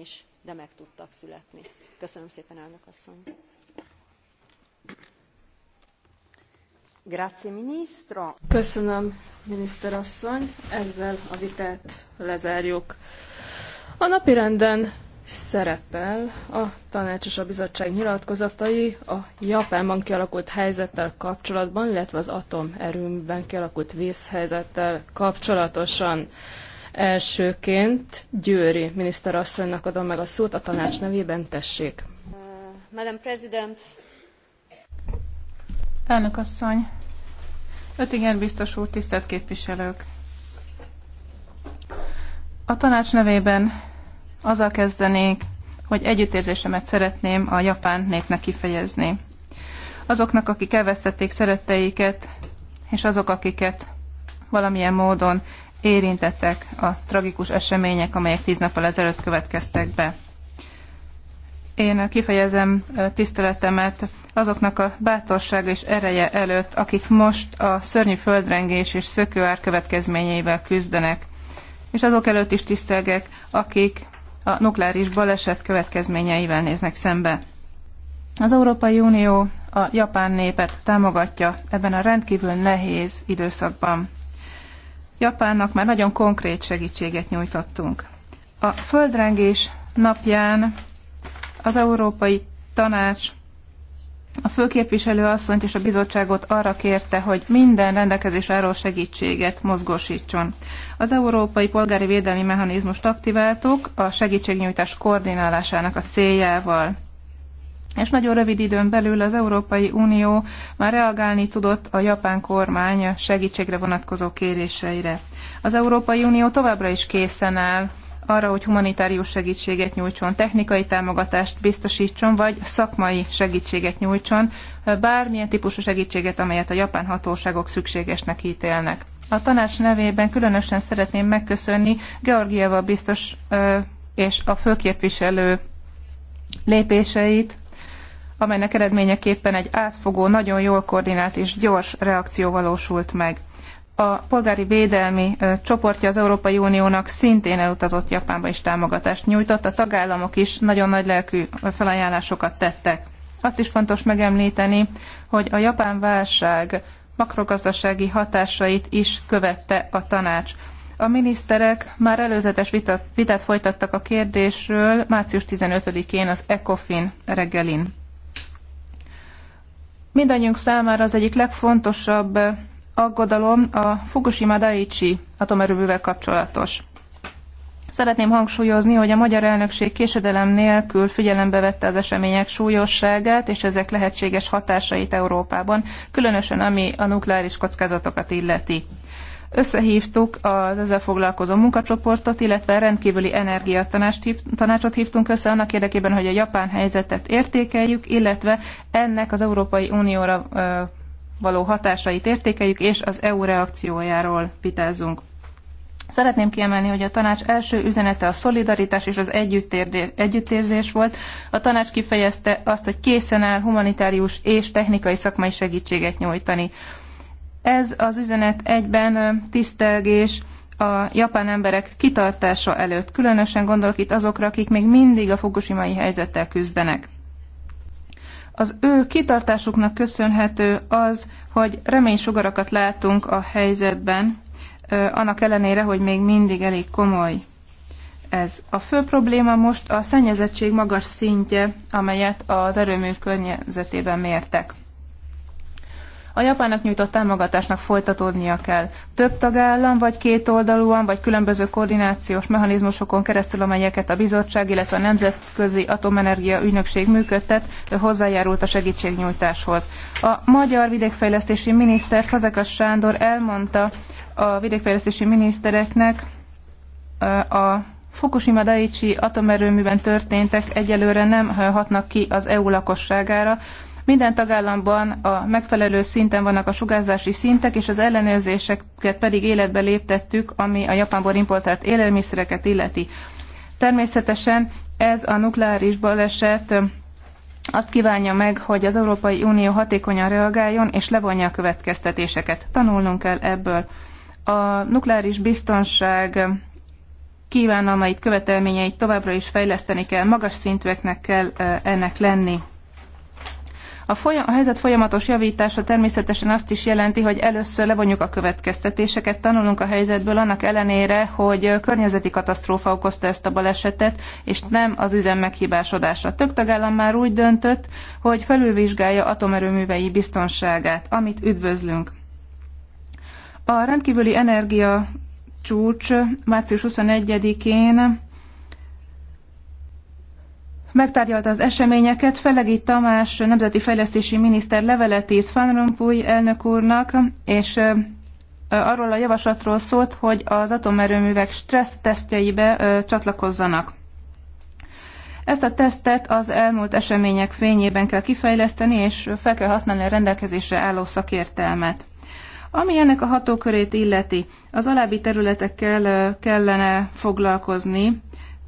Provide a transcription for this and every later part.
is de meg tudtak születni. köszönöm szépen elnök asszony! Köszönöm, miniszter asszony. Ezzel a vitát lezárjuk. A napirenden szerepel a tanács és a bizottság nyilatkozatai a Japánban kialakult helyzettel kapcsolatban, illetve az atomerőmben kialakult vészhelyzettel kapcsolatosan. Elsőként Győri miniszterasszonynak adom meg a szót a tanács nevében, tessék. Uh, Madam President. Elnök asszony, igen biztos úr, tisztelt képviselők! A tanács nevében azzal kezdenék, hogy együttérzésemet szeretném a japán népnek kifejezni. Azoknak, akik elvesztették szeretteiket, és azok, akiket valamilyen módon érintettek a tragikus események, amelyek tíz nappal ezelőtt következtek be. Én kifejezem tiszteletemet azoknak a bátorság és ereje előtt, akik most a szörnyű földrengés és szökőár következményeivel küzdenek, és azok előtt is tisztelgek, akik a nukleáris baleset következményeivel néznek szembe. Az Európai Unió a japán népet támogatja ebben a rendkívül nehéz időszakban. Japánnak már nagyon konkrét segítséget nyújtottunk. A földrengés napján az Európai Tanács a főképviselő asszonyt és a bizottságot arra kérte, hogy minden rendelkezés álló segítséget mozgósítson. Az Európai Polgári Védelmi Mechanizmust aktiváltuk a segítségnyújtás koordinálásának a céljával és nagyon rövid időn belül az Európai Unió már reagálni tudott a japán kormány segítségre vonatkozó kéréseire. Az Európai Unió továbbra is készen áll arra, hogy humanitárius segítséget nyújtson, technikai támogatást biztosítson, vagy szakmai segítséget nyújtson, bármilyen típusú segítséget, amelyet a japán hatóságok szükségesnek ítélnek. A tanács nevében különösen szeretném megköszönni Georgieva biztos és a főképviselő lépéseit amelynek eredményeképpen egy átfogó, nagyon jól koordinált és gyors reakció valósult meg. A polgári védelmi csoportja az Európai Uniónak szintén elutazott Japánba is támogatást nyújtott, a tagállamok is nagyon nagy lelkű felajánlásokat tettek. Azt is fontos megemlíteni, hogy a japán válság makrogazdasági hatásait is követte a tanács. A miniszterek már előzetes vitát, folytattak a kérdésről március 15-én az ECOFIN reggelin. Mindannyiunk számára az egyik legfontosabb aggodalom a Fukushima Daiichi atomerőművel kapcsolatos. Szeretném hangsúlyozni, hogy a magyar elnökség késedelem nélkül figyelembe vette az események súlyosságát és ezek lehetséges hatásait Európában, különösen ami a nukleáris kockázatokat illeti. Összehívtuk az ezzel foglalkozó munkacsoportot, illetve rendkívüli energiatanácsot hívtunk össze annak érdekében, hogy a japán helyzetet értékeljük, illetve ennek az Európai Unióra való hatásait értékeljük, és az EU reakciójáról vitázunk. Szeretném kiemelni, hogy a tanács első üzenete a szolidaritás és az együttérzés volt. A tanács kifejezte azt, hogy készen áll humanitárius és technikai szakmai segítséget nyújtani. Ez az üzenet egyben tisztelgés a japán emberek kitartása előtt. Különösen gondolok itt azokra, akik még mindig a fukushimai helyzettel küzdenek. Az ő kitartásuknak köszönhető az, hogy reménysugarakat látunk a helyzetben, annak ellenére, hogy még mindig elég komoly ez. A fő probléma most a szennyezettség magas szintje, amelyet az erőmű környezetében mértek. A japánok nyújtott támogatásnak folytatódnia kell. Több tagállam, vagy kétoldalúan, vagy különböző koordinációs mechanizmusokon keresztül, amelyeket a bizottság, illetve a Nemzetközi Atomenergia Ügynökség működtet, hozzájárult a segítségnyújtáshoz. A magyar vidékfejlesztési miniszter Fazekas Sándor elmondta a vidékfejlesztési minisztereknek a Fukushima Daiichi atomerőműben történtek egyelőre nem hatnak ki az EU lakosságára, minden tagállamban a megfelelő szinten vannak a sugárzási szintek, és az ellenőrzéseket pedig életbe léptettük, ami a Japánból importált élelmiszereket illeti. Természetesen ez a nukleáris baleset azt kívánja meg, hogy az Európai Unió hatékonyan reagáljon és levonja a következtetéseket. Tanulnunk kell ebből. A nukleáris biztonság kívánalmait, követelményeit továbbra is fejleszteni kell, magas szintűeknek kell ennek lenni. A, folyam- a helyzet folyamatos javítása természetesen azt is jelenti, hogy először levonjuk a következtetéseket, tanulunk a helyzetből annak ellenére, hogy környezeti katasztrófa okozta ezt a balesetet, és nem az üzem meghibásodása. Több tagállam már úgy döntött, hogy felülvizsgálja atomerőművei biztonságát, amit üdvözlünk. A rendkívüli energia csúcs március 21-én megtárgyalta az eseményeket. Felegi Tamás nemzeti fejlesztési miniszter levelet írt Van Rompuy elnök úrnak, és arról a javaslatról szólt, hogy az atomerőművek stressz tesztjeibe csatlakozzanak. Ezt a tesztet az elmúlt események fényében kell kifejleszteni, és fel kell használni a rendelkezésre álló szakértelmet. Ami ennek a hatókörét illeti, az alábbi területekkel kellene foglalkozni,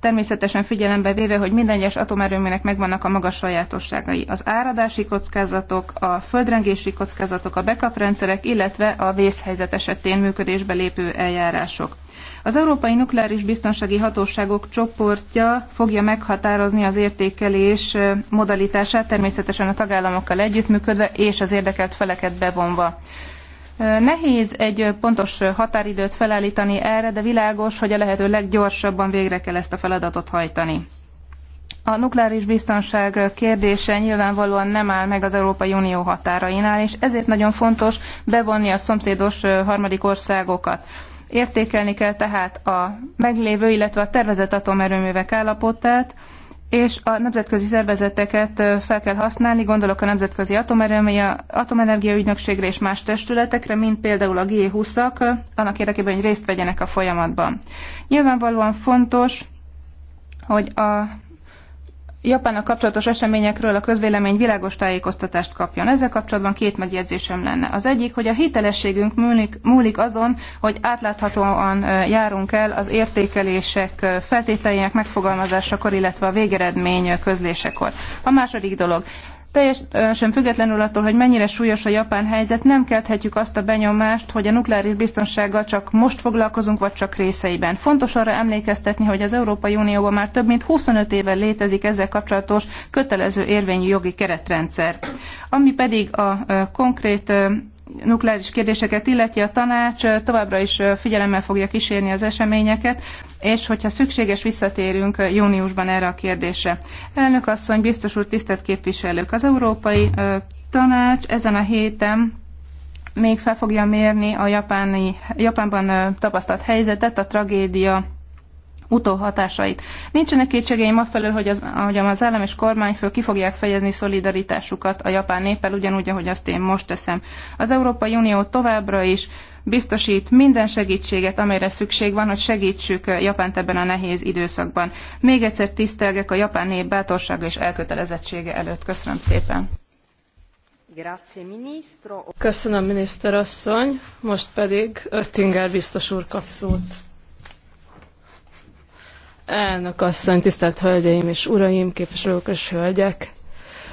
természetesen figyelembe véve, hogy minden egyes atomerőműnek megvannak a magas sajátosságai. Az áradási kockázatok, a földrengési kockázatok, a backup rendszerek, illetve a vészhelyzet esetén működésbe lépő eljárások. Az Európai Nukleáris Biztonsági Hatóságok csoportja fogja meghatározni az értékelés modalitását, természetesen a tagállamokkal együttműködve és az érdekelt feleket bevonva. Nehéz egy pontos határidőt felállítani erre, de világos, hogy a lehető leggyorsabban végre kell ezt a feladatot hajtani. A nukleáris biztonság kérdése nyilvánvalóan nem áll meg az Európai Unió határainál, és ezért nagyon fontos bevonni a szomszédos harmadik országokat. Értékelni kell tehát a meglévő, illetve a tervezett atomerőművek állapotát, és a nemzetközi szervezeteket fel kell használni, gondolok a Nemzetközi Atomenergia, Ügynökségre és más testületekre, mint például a G20-ak, annak érdekében, hogy részt vegyenek a folyamatban. Nyilvánvalóan fontos, hogy a Japánnak kapcsolatos eseményekről a közvélemény világos tájékoztatást kapjon. Ezzel kapcsolatban két megjegyzésem lenne. Az egyik, hogy a hitelességünk múlik, múlik azon, hogy átláthatóan járunk el az értékelések feltételének megfogalmazásakor, illetve a végeredmény közlésekor. A második dolog, Teljesen függetlenül attól, hogy mennyire súlyos a japán helyzet, nem kelthetjük azt a benyomást, hogy a nukleáris biztonsággal csak most foglalkozunk, vagy csak részeiben. Fontos arra emlékeztetni, hogy az Európai Unióban már több mint 25 éve létezik ezzel kapcsolatos kötelező érvényű jogi keretrendszer. Ami pedig a konkrét nukleáris kérdéseket illeti, a tanács továbbra is figyelemmel fogja kísérni az eseményeket, és hogyha szükséges, visszatérünk júniusban erre a kérdésre. Elnök asszony, biztos úr, tisztelt képviselők, az Európai Tanács ezen a héten még fel fogja mérni a japáni, Japánban tapasztalt helyzetet, a tragédia utóhatásait. Nincsenek kétségeim afelől, hogy az, hogy az állam és kormányfő ki fogják fejezni szolidaritásukat a japán néppel, ugyanúgy, ahogy azt én most teszem. Az Európai Unió továbbra is biztosít minden segítséget, amelyre szükség van, hogy segítsük eh, Japánt ebben a nehéz időszakban. Még egyszer tisztelgek a japán nép bátorsága és elkötelezettsége előtt. Köszönöm szépen! Köszönöm, miniszter asszony. Most pedig Örtinger biztos úr kap szót. Elnök asszony, tisztelt hölgyeim és uraim, képviselők és hölgyek!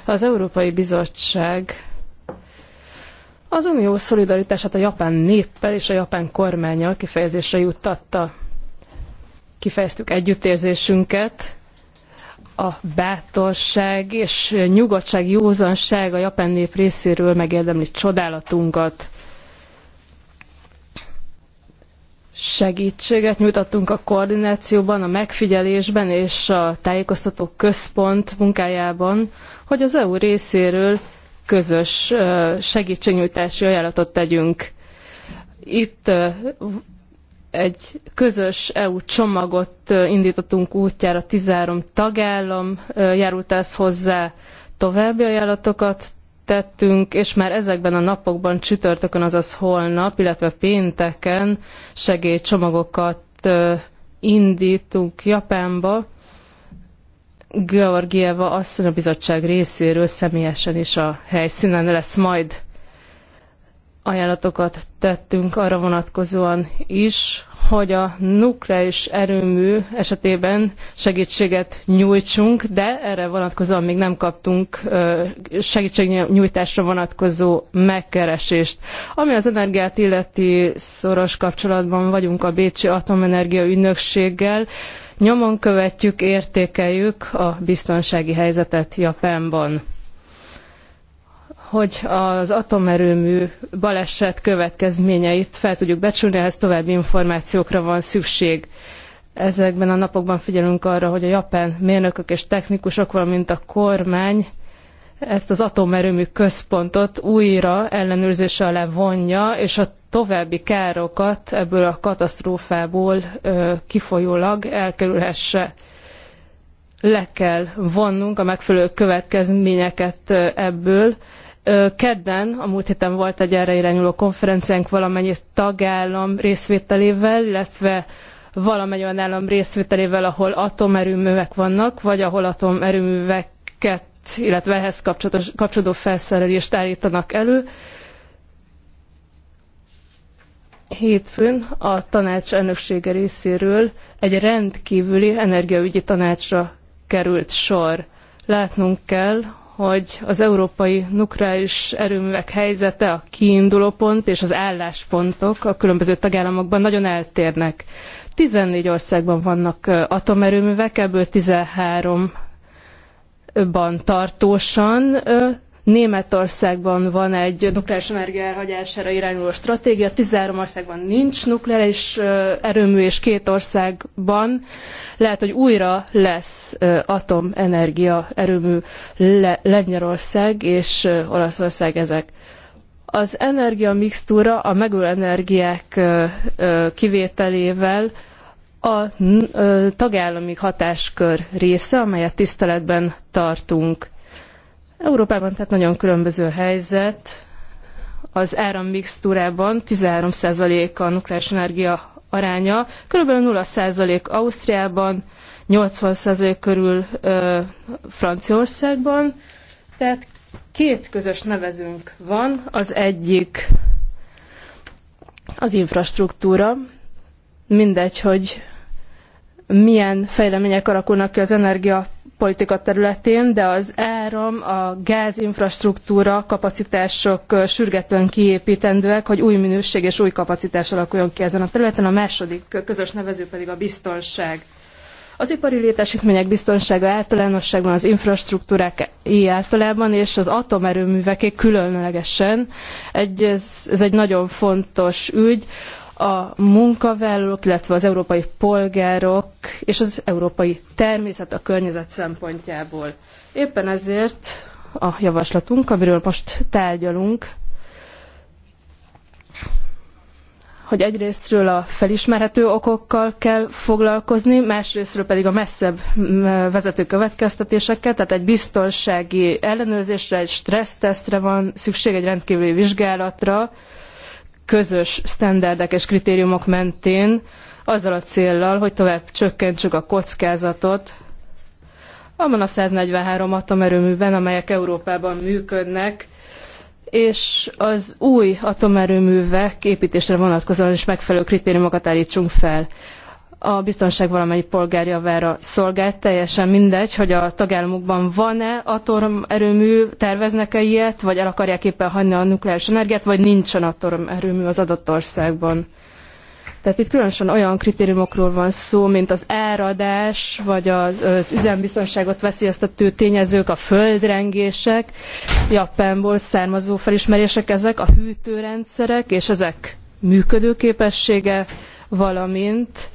Az Európai Bizottság az unió szolidaritását a japán néppel és a japán kormányjal kifejezésre juttatta. Kifejeztük együttérzésünket, a bátorság és nyugodtság, józanság a japán nép részéről megérdemli csodálatunkat. Segítséget nyújtottunk a koordinációban, a megfigyelésben és a tájékoztató központ munkájában, hogy az EU részéről közös segítségnyújtási ajánlatot tegyünk. Itt egy közös EU csomagot indítottunk útjára, 13 tagállam járult ez hozzá, további ajánlatokat tettünk, és már ezekben a napokban csütörtökön, azaz holnap, illetve pénteken segélycsomagokat indítunk Japánba, Georgieva asszony a bizottság részéről személyesen is a helyszínen lesz majd. Ajánlatokat tettünk arra vonatkozóan is, hogy a nukleáris erőmű esetében segítséget nyújtsunk, de erre vonatkozóan még nem kaptunk segítségnyújtásra vonatkozó megkeresést. Ami az energiát illeti szoros kapcsolatban vagyunk a Bécsi Atomenergia Ügynökséggel, Nyomon követjük, értékeljük a biztonsági helyzetet Japánban hogy az atomerőmű baleset következményeit fel tudjuk becsülni, ehhez további információkra van szükség. Ezekben a napokban figyelünk arra, hogy a japán mérnökök és technikusok, valamint a kormány ezt az atomerőmű központot újra ellenőrzés alá vonja, és a további károkat ebből a katasztrófából kifolyólag elkerülhesse. Le kell vonnunk a megfelelő következményeket ebből. Kedden, a múlt héten volt egy erre irányuló konferenciánk valamennyi tagállam részvételével, illetve valamennyi olyan állam részvételével, ahol atomerőművek vannak, vagy ahol atomerőműveket illetve ehhez kapcsolódó felszerelést állítanak elő. Hétfőn a tanács elnöksége részéről egy rendkívüli energiaügyi tanácsra került sor. Látnunk kell, hogy az európai nukleáris erőművek helyzete, a kiindulópont és az álláspontok a különböző tagállamokban nagyon eltérnek. 14 országban vannak atomerőművek, ebből 13 ban tartósan. Németországban van egy nukleáris energia elhagyására irányuló stratégia, 13 országban nincs nukleáris erőmű, és két országban lehet, hogy újra lesz atomenergia erőmű Lengyelország és Olaszország ezek. Az energiamixtúra a megújuló energiák kivételével a tagállami hatáskör része, amelyet tiszteletben tartunk. Európában tehát nagyon különböző helyzet. Az mixtúrában 13% a nukleáris energia aránya, kb. 0% Ausztriában, 80% körül ö, Franciaországban. Tehát két közös nevezünk van, az egyik az infrastruktúra, mindegy, hogy milyen fejlemények alakulnak ki az energiapolitika területén, de az áram, a gázinfrastruktúra, kapacitások sürgetően kiépítendőek, hogy új minőség és új kapacitás alakuljon ki ezen a területen. A második közös nevező pedig a biztonság. Az ipari létesítmények biztonsága általánosságban, az infrastruktúrák általában, és az atomerőműveké különlegesen. Egy, ez, ez egy nagyon fontos ügy a munkavállalók, illetve az európai polgárok és az európai természet a környezet szempontjából. Éppen ezért a javaslatunk, amiről most tárgyalunk, hogy egyrésztről a felismerhető okokkal kell foglalkozni, másrésztről pedig a messzebb vezető következtetésekkel, tehát egy biztonsági ellenőrzésre, egy stressztesztre van szükség, egy rendkívüli vizsgálatra, közös sztenderdek és kritériumok mentén, azzal a céllal, hogy tovább csökkentsük a kockázatot, abban a 143 atomerőműben, amelyek Európában működnek, és az új atomerőművek építésre vonatkozóan is megfelelő kritériumokat állítsunk fel a biztonság valamely polgárjavára szolgált, teljesen mindegy, hogy a tagállamokban van-e atomerőmű, terveznek-e ilyet, vagy el akarják éppen hagyni a nukleáris energiát, vagy nincsen atomerőmű az adott országban. Tehát itt különösen olyan kritériumokról van szó, mint az áradás, vagy az, az üzembiztonságot veszélyeztető tényezők, a földrengések, Japánból származó felismerések ezek, a hűtőrendszerek, és ezek működőképessége, valamint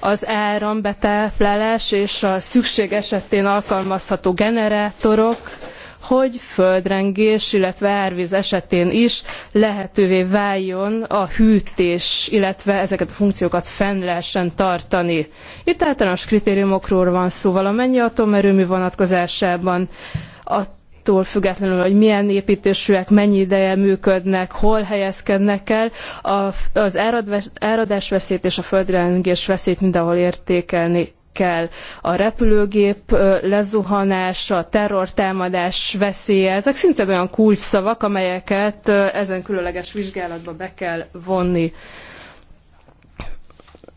az árambetáplálás és a szükség esetén alkalmazható generátorok, hogy földrengés, illetve árvíz esetén is lehetővé váljon a hűtés, illetve ezeket a funkciókat fenn lehessen tartani. Itt általános kritériumokról van szó valamennyi atomerőmű vonatkozásában. A attól függetlenül, hogy milyen építésűek, mennyi ideje működnek, hol helyezkednek el, az áradásveszélyt és a földrengés veszélyt mindenhol értékelni kell. A repülőgép lezuhanása, a terrortámadás veszélye, ezek szinte olyan kulcsszavak, amelyeket ezen különleges vizsgálatba be kell vonni.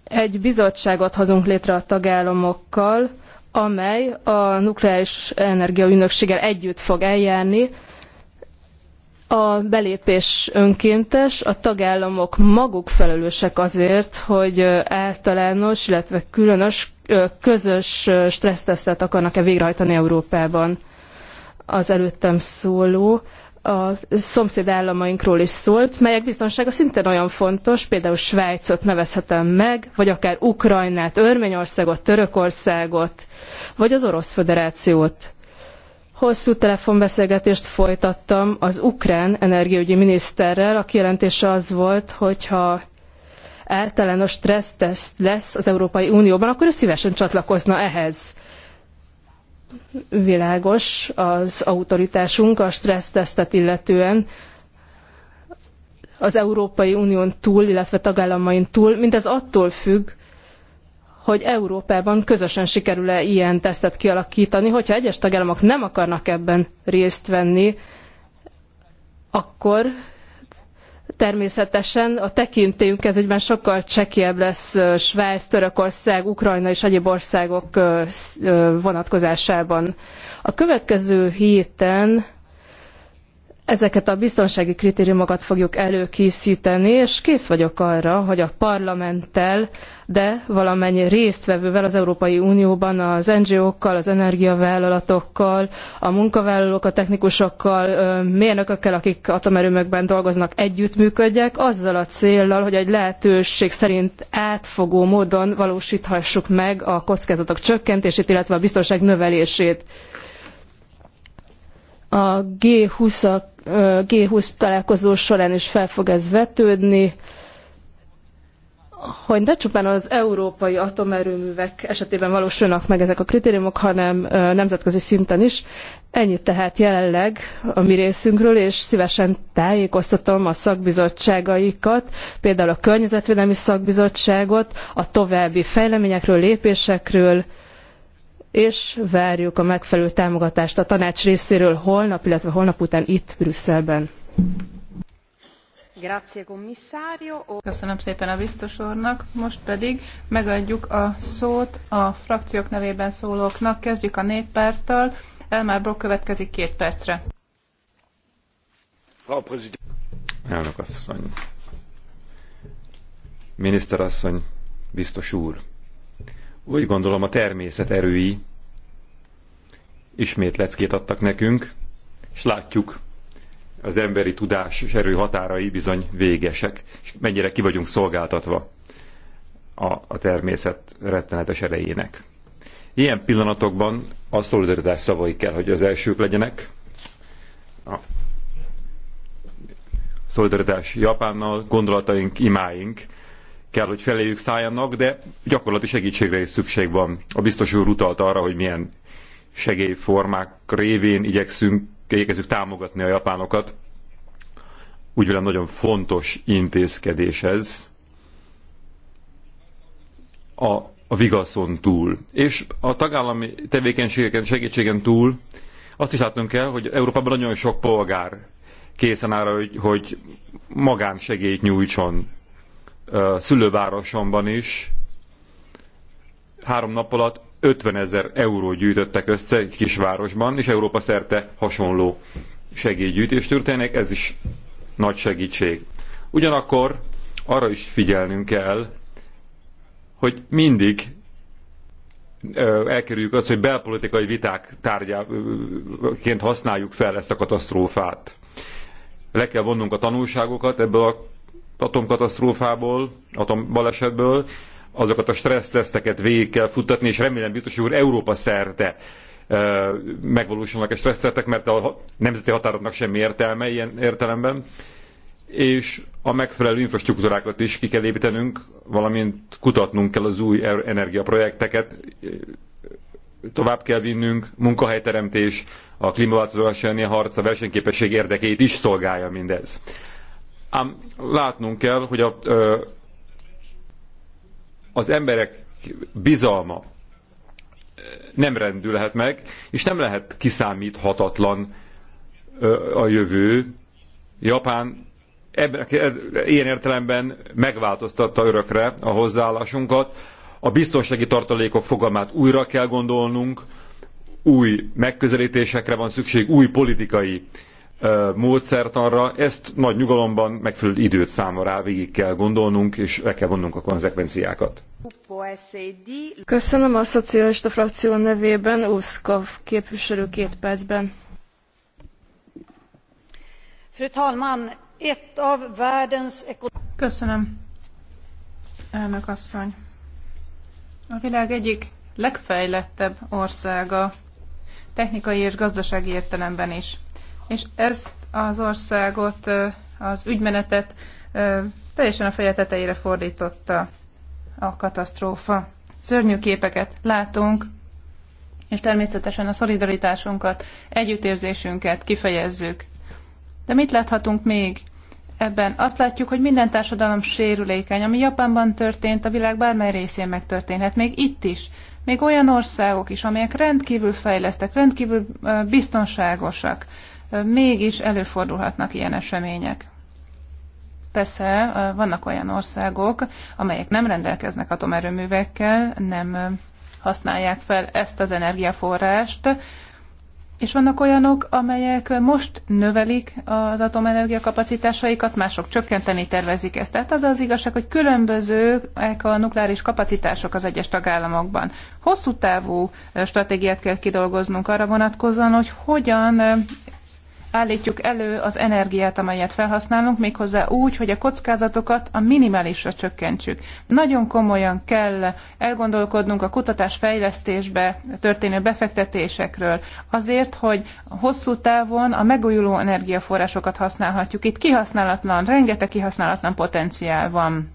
Egy bizottságot hozunk létre a tagállamokkal, amely a nukleáris energia ügynökséggel együtt fog eljárni. A belépés önkéntes, a tagállamok maguk felelősek azért, hogy általános, illetve különös, közös stressztesztet akarnak-e végrehajtani Európában. Az előttem szóló a szomszéd államainkról is szólt, melyek biztonsága szintén olyan fontos, például Svájcot nevezhetem meg, vagy akár Ukrajnát, Örményországot, Törökországot, vagy az Orosz Föderációt. Hosszú telefonbeszélgetést folytattam az ukrán energiaügyi miniszterrel, a jelentése az volt, hogyha általános stresszteszt lesz az Európai Unióban, akkor ő szívesen csatlakozna ehhez világos az autoritásunk a stressztesztet illetően az Európai Unión túl, illetve tagállamain túl, mindez attól függ, hogy Európában közösen sikerül-e ilyen tesztet kialakítani, hogyha egyes tagállamok nem akarnak ebben részt venni, akkor Természetesen a tekintélyünk ezügyben sokkal csekélyebb lesz Svájc, Törökország, Ukrajna és egyéb országok vonatkozásában. A következő héten ezeket a biztonsági kritériumokat fogjuk előkészíteni, és kész vagyok arra, hogy a parlamenttel, de valamennyi résztvevővel az Európai Unióban, az NGO-kkal, az energiavállalatokkal, a munkavállalók, a technikusokkal, mérnökökkel, akik atomerőmökben dolgoznak, együttműködjek, azzal a céllal, hogy egy lehetőség szerint átfogó módon valósíthassuk meg a kockázatok csökkentését, illetve a biztonság növelését. A G20, G20 találkozó során is fel fog ez vetődni, hogy ne csupán az európai atomerőművek esetében valósulnak meg ezek a kritériumok, hanem nemzetközi szinten is. Ennyit tehát jelenleg a mi részünkről, és szívesen tájékoztatom a szakbizottságaikat, például a Környezetvédelmi Szakbizottságot, a további fejleményekről, lépésekről, és várjuk a megfelelő támogatást a tanács részéről holnap, illetve holnap után itt Brüsszelben. Köszönöm szépen a biztos úrnak. Most pedig megadjuk a szót a frakciók nevében szólóknak. Kezdjük a néppárttal. Elmár Brok következik két percre. Elnök asszony. Miniszter asszony, biztos úr. Úgy gondolom a természet erői ismét leckét adtak nekünk, és látjuk, az emberi tudás és erő határai bizony végesek, és mennyire ki vagyunk szolgáltatva a, a természet rettenetes erejének. Ilyen pillanatokban a szolidaritás szavai kell, hogy az elsők legyenek. A szolidaritás Japánnal, gondolataink, imáink kell, hogy feléjük szálljanak, de gyakorlati segítségre is szükség van. A biztos úr utalt arra, hogy milyen segélyformák révén igyekszünk, igyekezünk támogatni a japánokat. Úgy vélem nagyon fontos intézkedés ez a, a vigaszon túl. És a tagállami tevékenységeken, segítségen túl azt is látnunk kell, hogy Európában nagyon sok polgár készen áll, hogy, hogy magánsegélyt nyújtson szülővárosomban is három nap alatt 50 ezer euró gyűjtöttek össze egy kisvárosban, és Európa szerte hasonló segélygyűjtés történik, ez is nagy segítség. Ugyanakkor arra is figyelnünk kell, hogy mindig elkerüljük azt, hogy belpolitikai viták tárgyaként használjuk fel ezt a katasztrófát. Le kell vonnunk a tanulságokat ebből a atomkatasztrófából, atombalesetből, azokat a stresszteszteket végig kell futtatni, és remélem biztos úr Európa szerte megvalósulnak a stressztetek, mert a nemzeti határoknak semmi értelme ilyen értelemben, és a megfelelő infrastruktúrákat is ki kell építenünk, valamint kutatnunk kell az új er-, energiaprojekteket, tovább kell vinnünk, munkahelyteremtés, a klímaváltozás elleni harc, a versenyképesség érdekeit is szolgálja mindez. Ám látnunk kell, hogy a, az emberek bizalma nem rendülhet meg, és nem lehet kiszámíthatatlan a jövő. Japán ebben, ilyen értelemben megváltoztatta örökre a hozzáállásunkat. A biztonsági tartalékok fogalmát újra kell gondolnunk, új megközelítésekre van szükség, új politikai módszertanra, ezt nagy nyugalomban megfelelő időt számra rá végig kell gondolnunk, és le kell vonnunk a konzekvenciákat. Köszönöm a szocialista frakció nevében, Uszkov képviselő két percben. Fru talman, ett av världens Köszönöm, elnök asszony. A világ egyik legfejlettebb országa, technikai és gazdasági értelemben is és ezt az országot, az ügymenetet teljesen a feje tetejére fordította a katasztrófa. Szörnyű képeket látunk, és természetesen a szolidaritásunkat, együttérzésünket kifejezzük. De mit láthatunk még? Ebben azt látjuk, hogy minden társadalom sérülékeny, ami Japánban történt, a világ bármely részén megtörténhet, még itt is. Még olyan országok is, amelyek rendkívül fejlesztek, rendkívül biztonságosak, mégis előfordulhatnak ilyen események. Persze vannak olyan országok, amelyek nem rendelkeznek atomerőművekkel, nem használják fel ezt az energiaforrást, és vannak olyanok, amelyek most növelik az atomenergia kapacitásaikat, mások csökkenteni tervezik ezt. Tehát az az igazság, hogy különbözőek a nukleáris kapacitások az egyes tagállamokban. Hosszú távú stratégiát kell kidolgoznunk arra vonatkozóan, hogy hogyan állítjuk elő az energiát, amelyet felhasználunk, méghozzá úgy, hogy a kockázatokat a minimálisra csökkentsük. Nagyon komolyan kell elgondolkodnunk a kutatás fejlesztésbe történő befektetésekről, azért, hogy hosszú távon a megújuló energiaforrásokat használhatjuk. Itt kihasználatlan, rengeteg kihasználatlan potenciál van.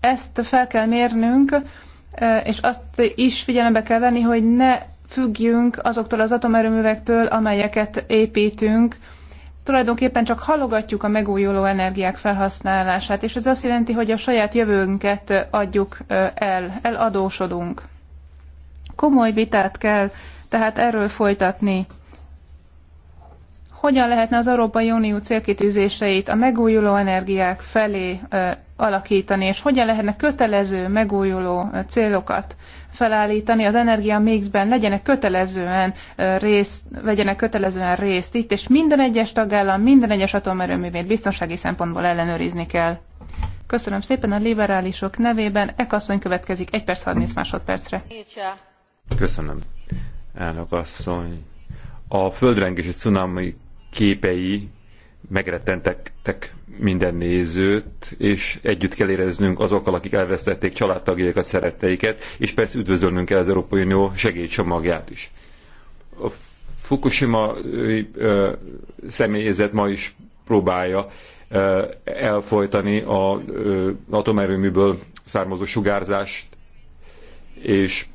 Ezt fel kell mérnünk, és azt is figyelembe kell venni, hogy ne függjünk azoktól az atomerőművektől, amelyeket építünk, tulajdonképpen csak halogatjuk a megújuló energiák felhasználását, és ez azt jelenti, hogy a saját jövőnket adjuk el, eladósodunk. Komoly vitát kell tehát erről folytatni. Hogyan lehetne az Európai Unió célkitűzéseit a megújuló energiák felé alakítani, és hogyan lehetne kötelező, megújuló célokat felállítani az energia mixben, legyenek kötelezően részt, vegyenek kötelezően részt itt, és minden egyes tagállam, minden egyes atomerőművét biztonsági szempontból ellenőrizni kell. Köszönöm szépen a liberálisok nevében. Ekasszony következik 1 perc 30 másodpercre. Köszönöm, elnök asszony. A földrengési cunami képei megrettentek minden nézőt, és együtt kell éreznünk azokkal, akik elvesztették családtagjaikat, szeretteiket, és persze üdvözölnünk kell az Európai Unió segélycsomagját is. A Fukushima személyzet ma is próbálja elfolytani az atomerőműből származó sugárzást, és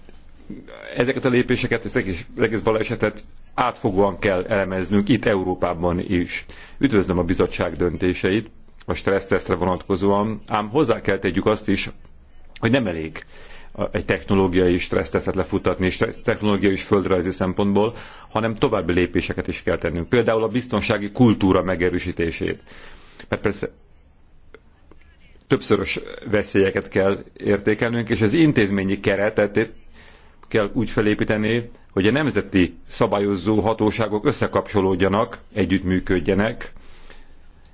ezeket a lépéseket, ezt az egész balesetet átfogóan kell elemeznünk itt Európában is. Üdvözlöm a bizottság döntéseit a stressztesztre vonatkozóan, ám hozzá kell tegyük azt is, hogy nem elég egy technológiai stressztesztet lefutatni és technológiai és földrajzi szempontból, hanem további lépéseket is kell tennünk. Például a biztonsági kultúra megerősítését. Mert persze többszörös veszélyeket kell értékelnünk, és az intézményi keretet kell úgy felépíteni, hogy a nemzeti szabályozó hatóságok összekapcsolódjanak, együttműködjenek,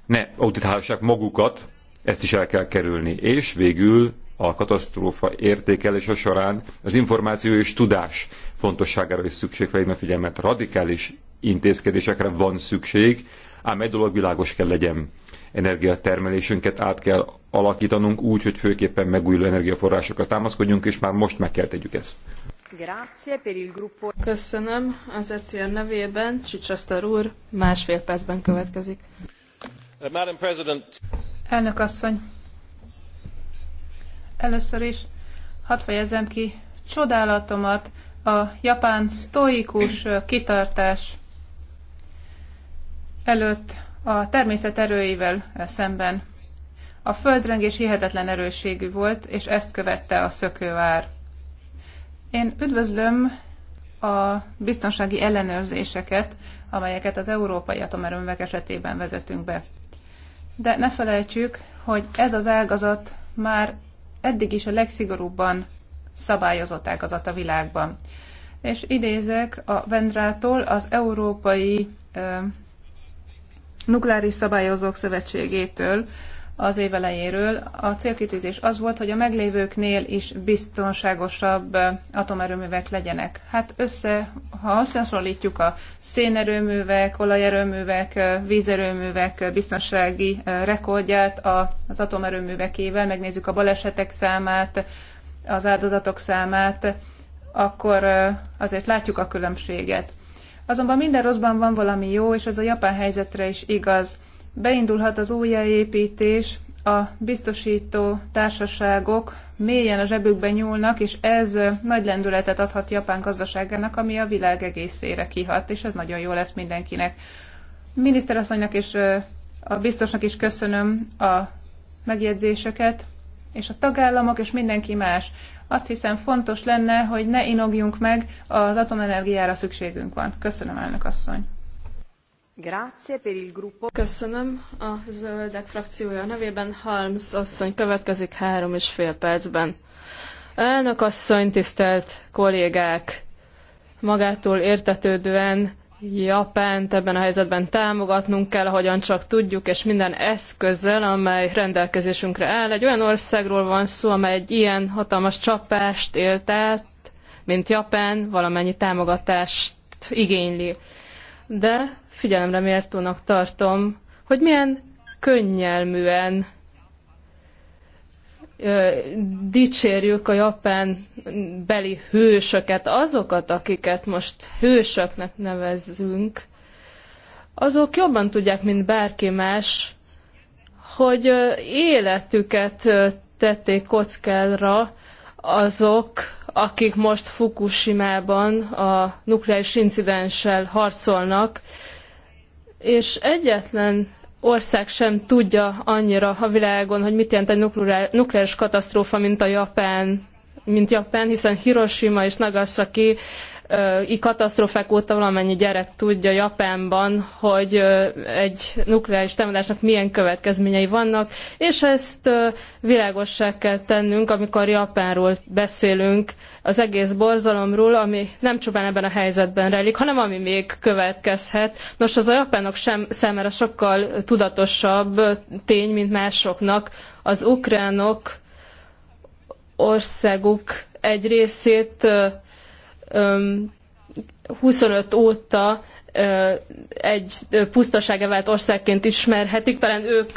ne auditálhassák magukat, ezt is el kell kerülni. És végül a katasztrófa értékelése során az információ és tudás fontosságára is szükség mert figyelmet. Radikális intézkedésekre van szükség, ám egy dolog világos kell legyen. Energiatermelésünket át kell alakítanunk úgy, hogy főképpen megújuló energiaforrásokra támaszkodjunk, és már most meg kell tegyük ezt. Köszönöm az ECR nevében. Csicsaszter úr, másfél percben következik. Uh, Madam President. Elnök asszony, először is hadd fejezem ki csodálatomat a japán sztoikus uh, kitartás előtt a természet erőivel uh, szemben. A földrengés hihetetlen erősségű volt, és ezt követte a szökőár. Én üdvözlöm a biztonsági ellenőrzéseket, amelyeket az európai atomerőművek esetében vezetünk be. De ne felejtsük, hogy ez az ágazat már eddig is a legszigorúbban szabályozott ágazat a világban. És idézek a Vendrától, az Európai ö, Nukleáris Szabályozók Szövetségétől, az évelejéről. A célkitűzés az volt, hogy a meglévőknél is biztonságosabb atomerőművek legyenek. Hát össze, ha összehasonlítjuk a szénerőművek, olajerőművek, vízerőművek biztonsági rekordját az atomerőművekével, megnézzük a balesetek számát, az áldozatok számát, akkor azért látjuk a különbséget. Azonban minden rosszban van valami jó, és ez a japán helyzetre is igaz beindulhat az újjáépítés, a biztosító társaságok mélyen a zsebükbe nyúlnak, és ez nagy lendületet adhat Japán gazdaságának, ami a világ egészére kihat, és ez nagyon jó lesz mindenkinek. Miniszterasszonynak és a biztosnak is köszönöm a megjegyzéseket, és a tagállamok, és mindenki más. Azt hiszem fontos lenne, hogy ne inogjunk meg, az atomenergiára szükségünk van. Köszönöm, elnök asszony! Köszönöm a zöldek frakciója nevében. Harms asszony következik három és fél percben. Elnök asszony, tisztelt kollégák! Magától értetődően Japánt ebben a helyzetben támogatnunk kell, ahogyan csak tudjuk, és minden eszközzel, amely rendelkezésünkre áll. Egy olyan országról van szó, amely egy ilyen hatalmas csapást élt át, mint Japán, valamennyi támogatást igényli. De figyelemre méltónak tartom, hogy milyen könnyelműen dicsérjük a japán beli hősöket, azokat, akiket most hősöknek nevezzünk, azok jobban tudják, mint bárki más, hogy életüket tették kockára azok, akik most Fukushima-ban a nukleáris incidenssel harcolnak, és egyetlen ország sem tudja annyira a világon, hogy mit jelent egy nukleáris katasztrófa, mint a Japán, mint Japán, hiszen Hiroshima és Nagasaki katasztrófák óta valamennyi gyerek tudja Japánban, hogy egy nukleáris támadásnak milyen következményei vannak, és ezt világossá kell tennünk, amikor Japánról beszélünk, az egész borzalomról, ami nem csupán ebben a helyzetben rejlik, hanem ami még következhet. Nos, az a japánok sem, számára sokkal tudatosabb tény, mint másoknak. Az ukránok országuk egy részét 25 óta egy pusztasága vált országként ismerhetik, talán ők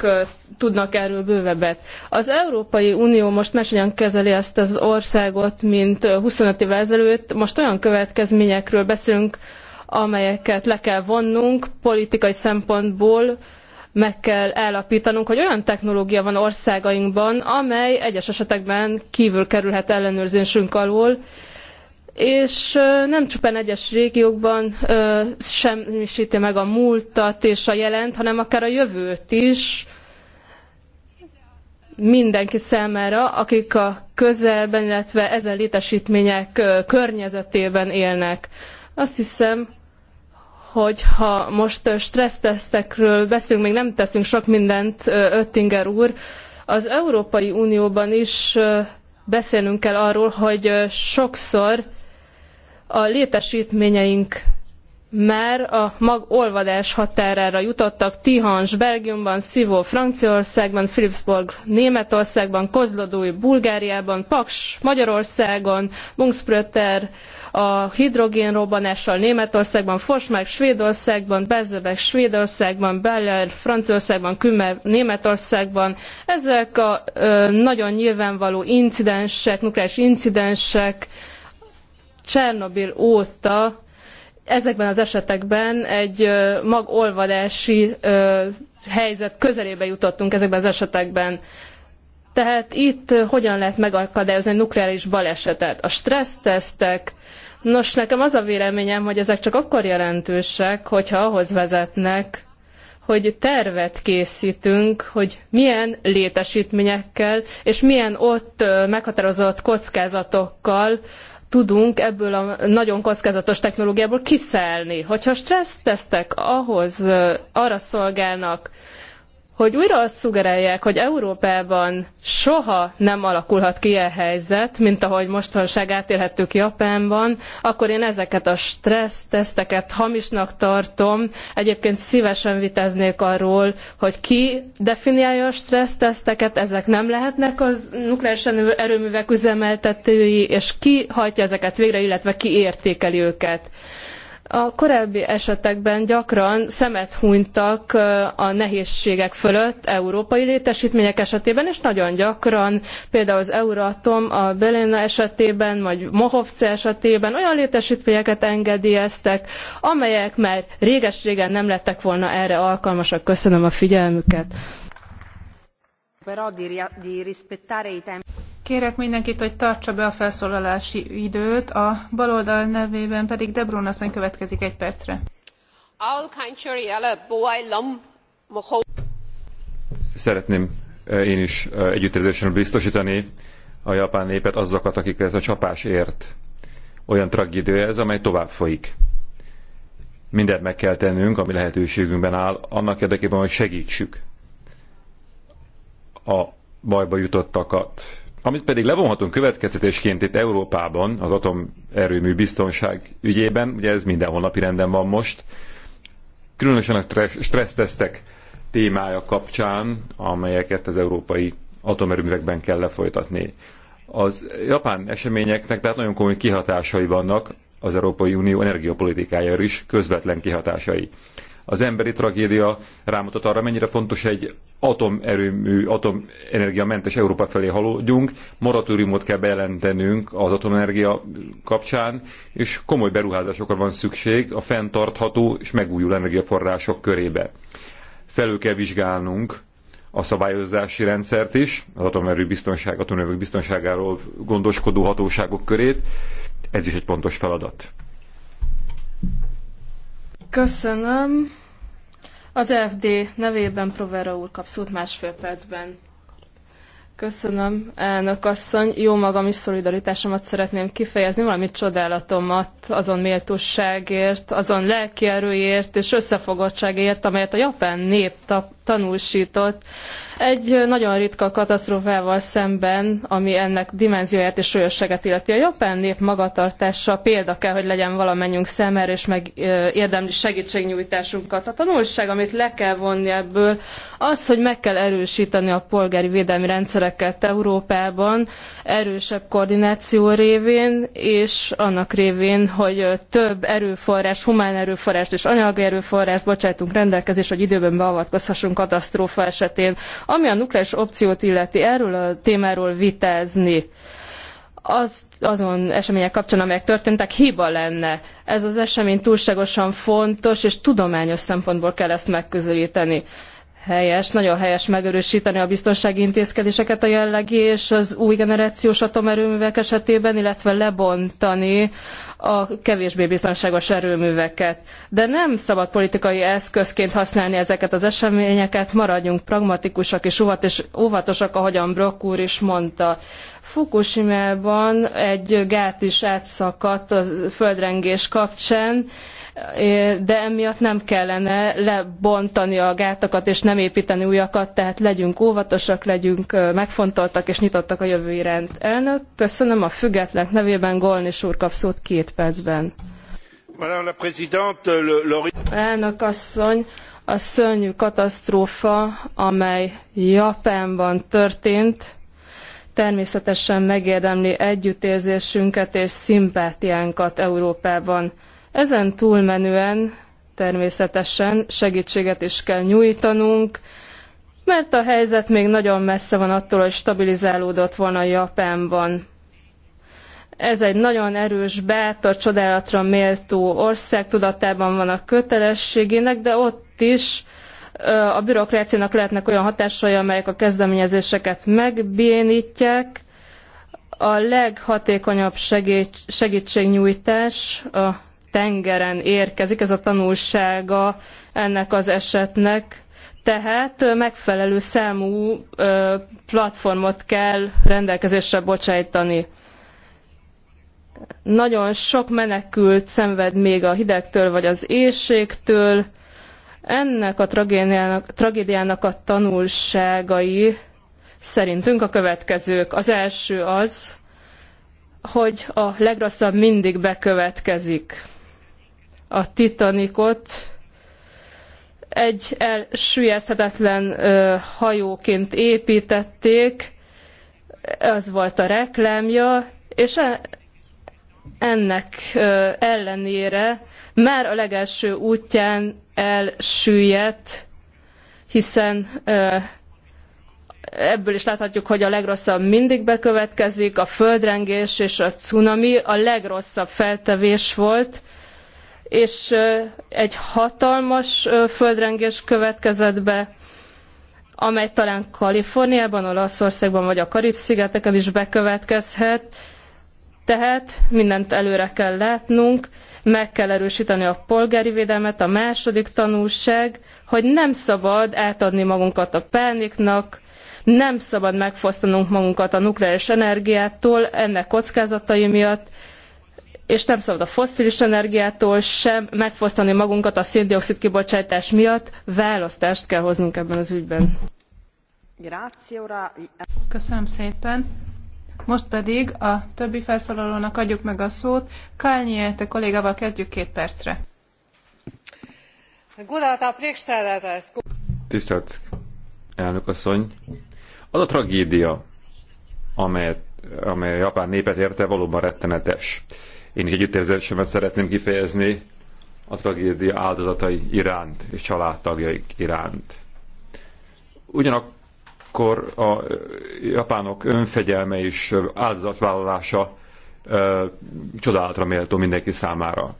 tudnak erről bővebbet. Az Európai Unió most máshogyan kezeli ezt az országot, mint 25 évvel ezelőtt. Most olyan következményekről beszélünk, amelyeket le kell vonnunk politikai szempontból, meg kell állapítanunk, hogy olyan technológia van országainkban, amely egyes esetekben kívül kerülhet ellenőrzésünk alól, és nem csupán egyes régiókban semmisíti meg a múltat és a jelent, hanem akár a jövőt is mindenki számára, akik a közelben, illetve ezen létesítmények környezetében élnek. Azt hiszem, hogy ha most stressztesztekről beszélünk, még nem teszünk sok mindent, Öttinger úr, az Európai Unióban is beszélnünk kell arról, hogy sokszor a létesítményeink már a magolvadás határára jutottak Tihans Belgiumban, Szivó Franciaországban, Philipsborg Németországban, Kozlodói Bulgáriában, Paks Magyarországon, Mungspröter a hidrogénrobbanással Németországban, Forsmark Svédországban, Bezzebek Svédországban, Beller Franciaországban, Kümer Németországban. Ezek a ö, nagyon nyilvánvaló incidensek, nukleáris incidensek Csernobil óta ezekben az esetekben egy magolvadási helyzet közelébe jutottunk ezekben az esetekben. Tehát itt hogyan lehet megakadályozni egy nukleáris balesetet? A stressztesztek, nos nekem az a véleményem, hogy ezek csak akkor jelentősek, hogyha ahhoz vezetnek, hogy tervet készítünk, hogy milyen létesítményekkel és milyen ott meghatározott kockázatokkal tudunk ebből a nagyon kockázatos technológiából kiszállni. Hogyha stressztesztek ahhoz arra szolgálnak, hogy újra azt szugerelják, hogy Európában soha nem alakulhat ki ilyen helyzet, mint ahogy mostanság átélhettük Japánban, akkor én ezeket a stresszteszteket hamisnak tartom. Egyébként szívesen viteznék arról, hogy ki definiálja a stresszteszteket, ezek nem lehetnek az nukleáris erőművek üzemeltetői, és ki hajtja ezeket végre, illetve ki értékeli őket. A korábbi esetekben gyakran szemet hunytak a nehézségek fölött európai létesítmények esetében, és nagyon gyakran például az Euratom a Beléna esetében, vagy Mohovce esetében olyan létesítményeket engedélyeztek, amelyek már réges-régen nem lettek volna erre alkalmasak. Köszönöm a figyelmüket. Kérek mindenkit, hogy tartsa be a felszólalási időt, a baloldal nevében pedig Debrun asszony következik egy percre. Szeretném e, én is e, együttérzésen biztosítani a japán népet azokat, akik ez a csapás ért. Olyan tragédia ez, amely tovább folyik. Mindent meg kell tennünk, ami lehetőségünkben áll, annak érdekében, hogy segítsük a bajba jutottakat amit pedig levonhatunk következtetésként itt Európában, az atomerőmű biztonság ügyében, ugye ez mindenhol napi renden van most, különösen a stressztesztek témája kapcsán, amelyeket az európai atomerőművekben kell lefolytatni. Az japán eseményeknek tehát nagyon komoly kihatásai vannak az Európai Unió energiapolitikájára is, közvetlen kihatásai. Az emberi tragédia rámutat arra, mennyire fontos egy atomerőmű, atomenergiamentes Európa felé haladjunk, moratóriumot kell bejelentenünk az atomenergia kapcsán, és komoly beruházásokra van szükség a fenntartható és megújuló energiaforrások körébe. Felül kell vizsgálnunk a szabályozási rendszert is, az atomerő biztonság, atomerők biztonságáról gondoskodó hatóságok körét. Ez is egy fontos feladat. Köszönöm. Az FD nevében Provera úr kap szót másfél percben. Köszönöm, elnök asszony. Jó magam is szolidaritásomat szeretném kifejezni, valamit csodálatomat azon méltóságért, azon lelkierőért és összefogottságért, amelyet a japán nép tap, tanúsított. Egy nagyon ritka katasztrófával szemben, ami ennek dimenzióját és súlyosságát illeti, a japán nép magatartása példa kell, hogy legyen valamennyünk számára, és meg érdemli segítségnyújtásunkat. A tanulság, amit le kell vonni ebből, az, hogy meg kell erősíteni a polgári védelmi rendszereket Európában, erősebb koordináció révén, és annak révén, hogy több erőforrás, humán erőforrást és anyagi erőforrást bocsájtunk rendelkezésre, hogy időben beavatkozhassunk katasztrófa esetén. Ami a nukleáris opciót illeti, erről a témáról vitázni az, azon események kapcsán, amelyek történtek, hiba lenne. Ez az esemény túlságosan fontos, és tudományos szempontból kell ezt megközelíteni helyes, nagyon helyes megerősíteni a biztonsági intézkedéseket a jellegi és az új generációs atomerőművek esetében, illetve lebontani a kevésbé biztonságos erőműveket. De nem szabad politikai eszközként használni ezeket az eseményeket, maradjunk pragmatikusak és óvatosak, ahogyan Brock úr is mondta. Fukushima-ban egy gát is átszakadt a földrengés kapcsán, de emiatt nem kellene lebontani a gátakat és nem építeni újakat, tehát legyünk óvatosak, legyünk megfontoltak és nyitottak a jövő iránt. Elnök, köszönöm a függetlenek nevében, Golnis úr kap szót két percben. Elnök asszony, a szörnyű katasztrófa, amely Japánban történt, természetesen megérdemli együttérzésünket és szimpátiánkat Európában. Ezen túlmenően természetesen segítséget is kell nyújtanunk, mert a helyzet még nagyon messze van attól, hogy stabilizálódott volna Japánban. Ez egy nagyon erős, bátor, csodálatra méltó ország, tudatában van a kötelességének, de ott is a bürokráciának lehetnek olyan hatásai, amelyek a kezdeményezéseket megbénítják. A leghatékonyabb segít, segítségnyújtás a tengeren érkezik, ez a tanulsága ennek az esetnek. Tehát megfelelő számú platformot kell rendelkezésre bocsájtani. Nagyon sok menekült szenved még a hidegtől vagy az éjségtől. Ennek a tragédiának, tragédiának a tanulságai szerintünk a következők. Az első az, hogy a legrosszabb mindig bekövetkezik a Titanicot egy elsüllyeszthetetlen hajóként építették, az volt a reklámja, és e- ennek ellenére már a legelső útján elsüllyedt, hiszen ebből is láthatjuk, hogy a legrosszabb mindig bekövetkezik, a földrengés és a cunami a legrosszabb feltevés volt, és egy hatalmas földrengés következett be, amely talán Kaliforniában, Olaszországban vagy a Karib-szigeteken is bekövetkezhet. Tehát mindent előre kell látnunk, meg kell erősíteni a polgári védelmet. A második tanulság, hogy nem szabad átadni magunkat a pániknak, nem szabad megfosztanunk magunkat a nukleáris energiától ennek kockázatai miatt, és nem szabad a fosszilis energiától sem megfosztani magunkat a széndiokszid kibocsátás miatt. Választást kell hoznunk ebben az ügyben. Köszönöm szépen. Most pedig a többi felszólalónak adjuk meg a szót. te, kollégával kezdjük két percre. Tisztelt elnök asszony! Az a tragédia, amely, amely a japán népet érte, valóban rettenetes. Én is együttérzésemet szeretném kifejezni a tragédia áldozatai iránt és családtagjaik iránt. Ugyanakkor a japánok önfegyelme és áldozatvállalása ö, csodálatra méltó mindenki számára.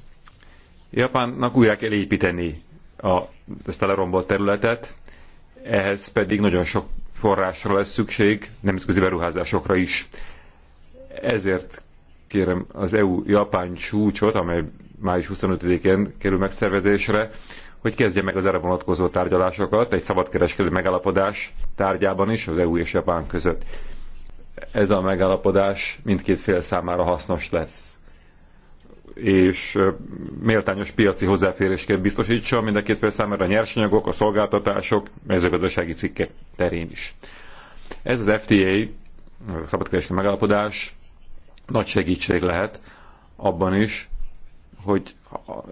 Japánnak újra kell építeni a, ezt a lerombolt területet, ehhez pedig nagyon sok forrásra lesz szükség, nemzetközi beruházásokra is. Ezért kérem az EU-Japán csúcsot, amely május 25-én kerül megszervezésre, hogy kezdje meg az erre vonatkozó tárgyalásokat egy szabadkereskedő megállapodás tárgyában is az EU és Japán között. Ez a megállapodás mindkét fél számára hasznos lesz és méltányos piaci hozzáférésként kell biztosítsa mind a két fél számára a nyersanyagok, a szolgáltatások, mezőgazdasági cikkek terén is. Ez az FTA, a szabadkereskedelmi megállapodás nagy segítség lehet abban is, hogy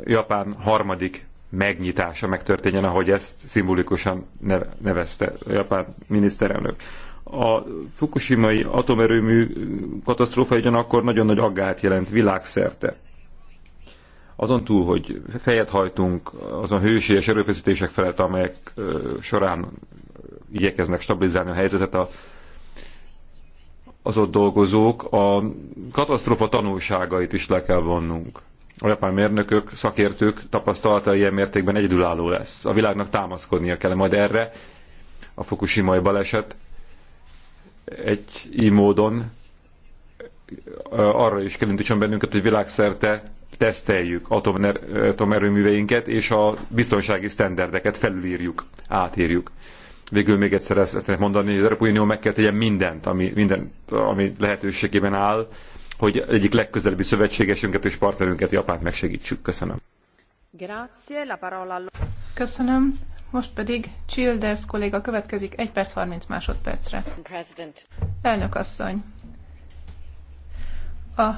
Japán harmadik megnyitása megtörténjen, ahogy ezt szimbolikusan nevezte a japán miniszterelnök. A fukushimai atomerőmű katasztrófa ugyanakkor nagyon nagy aggát jelent világszerte. Azon túl, hogy fejet hajtunk azon hősies erőfeszítések felett, amelyek során igyekeznek stabilizálni a helyzetet a az ott dolgozók, a katasztrófa tanulságait is le kell vonnunk. A japán mérnökök, szakértők tapasztalata ilyen mértékben egyedülálló lesz. A világnak támaszkodnia kell majd erre. A fukushima baleset egy így módon arra is kerintítson bennünket, hogy világszerte teszteljük atomerőműveinket, és a biztonsági sztenderdeket felülírjuk, átírjuk. Végül még egyszer ezt szeretnék mondani, hogy az Európai Unió meg kell tegyen mindent, ami, mindent, ami lehetőségében áll, hogy egyik legközelebbi szövetségesünket és partnerünket, Japánt megsegítsük. Köszönöm. Grazie, la parola... Köszönöm. Most pedig Childers kolléga következik 1 perc 30 másodpercre. President. Elnök asszony. A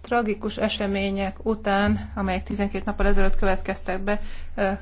tragikus események után, amelyek 12 nappal ezelőtt következtek be,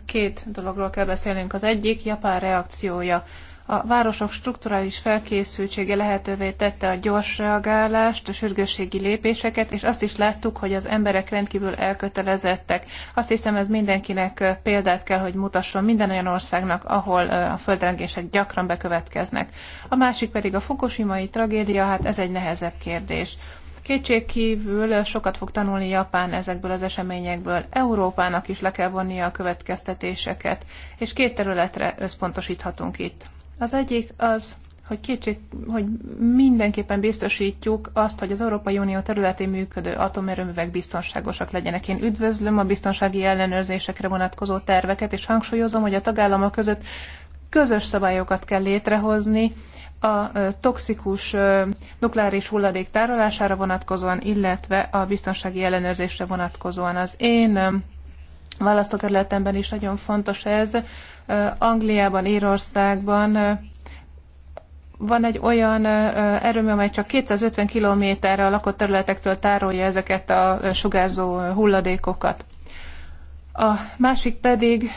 két dologról kell beszélnünk. Az egyik Japán reakciója. A városok strukturális felkészültsége lehetővé tette a gyors reagálást, a sürgősségi lépéseket, és azt is láttuk, hogy az emberek rendkívül elkötelezettek. Azt hiszem, ez mindenkinek példát kell, hogy mutasson minden olyan országnak, ahol a földrengések gyakran bekövetkeznek. A másik pedig a fukushimai tragédia, hát ez egy nehezebb kérdés. Kétség kívül sokat fog tanulni Japán ezekből az eseményekből. Európának is le kell vonnia a következtetéseket, és két területre összpontosíthatunk itt. Az egyik az, hogy, kétség, hogy mindenképpen biztosítjuk azt, hogy az Európai Unió területén működő atomerőművek biztonságosak legyenek. Én üdvözlöm a biztonsági ellenőrzésekre vonatkozó terveket, és hangsúlyozom, hogy a tagállamok között közös szabályokat kell létrehozni a toxikus nukleáris hulladék tárolására vonatkozóan, illetve a biztonsági ellenőrzésre vonatkozóan. Az én választókerületemben is nagyon fontos ez. Angliában, Írországban van egy olyan erőmű, amely csak 250 kilométerre a lakott területektől tárolja ezeket a sugárzó hulladékokat. A másik pedig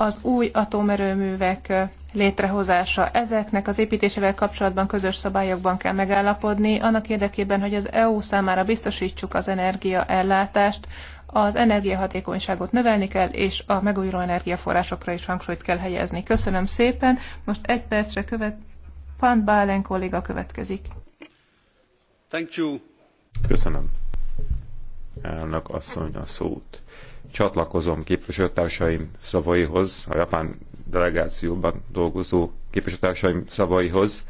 az új atomerőművek létrehozása. Ezeknek az építésével kapcsolatban közös szabályokban kell megállapodni, annak érdekében, hogy az EU számára biztosítsuk az energiaellátást, az energiahatékonyságot növelni kell, és a megújuló energiaforrásokra is hangsúlyt kell helyezni. Köszönöm szépen. Most egy percre követ... Pan Bálen kolléga következik. Thank you. Köszönöm. Elnök asszony a szót csatlakozom képviselőtársaim szavaihoz, a japán delegációban dolgozó képviselőtársaim szavaihoz,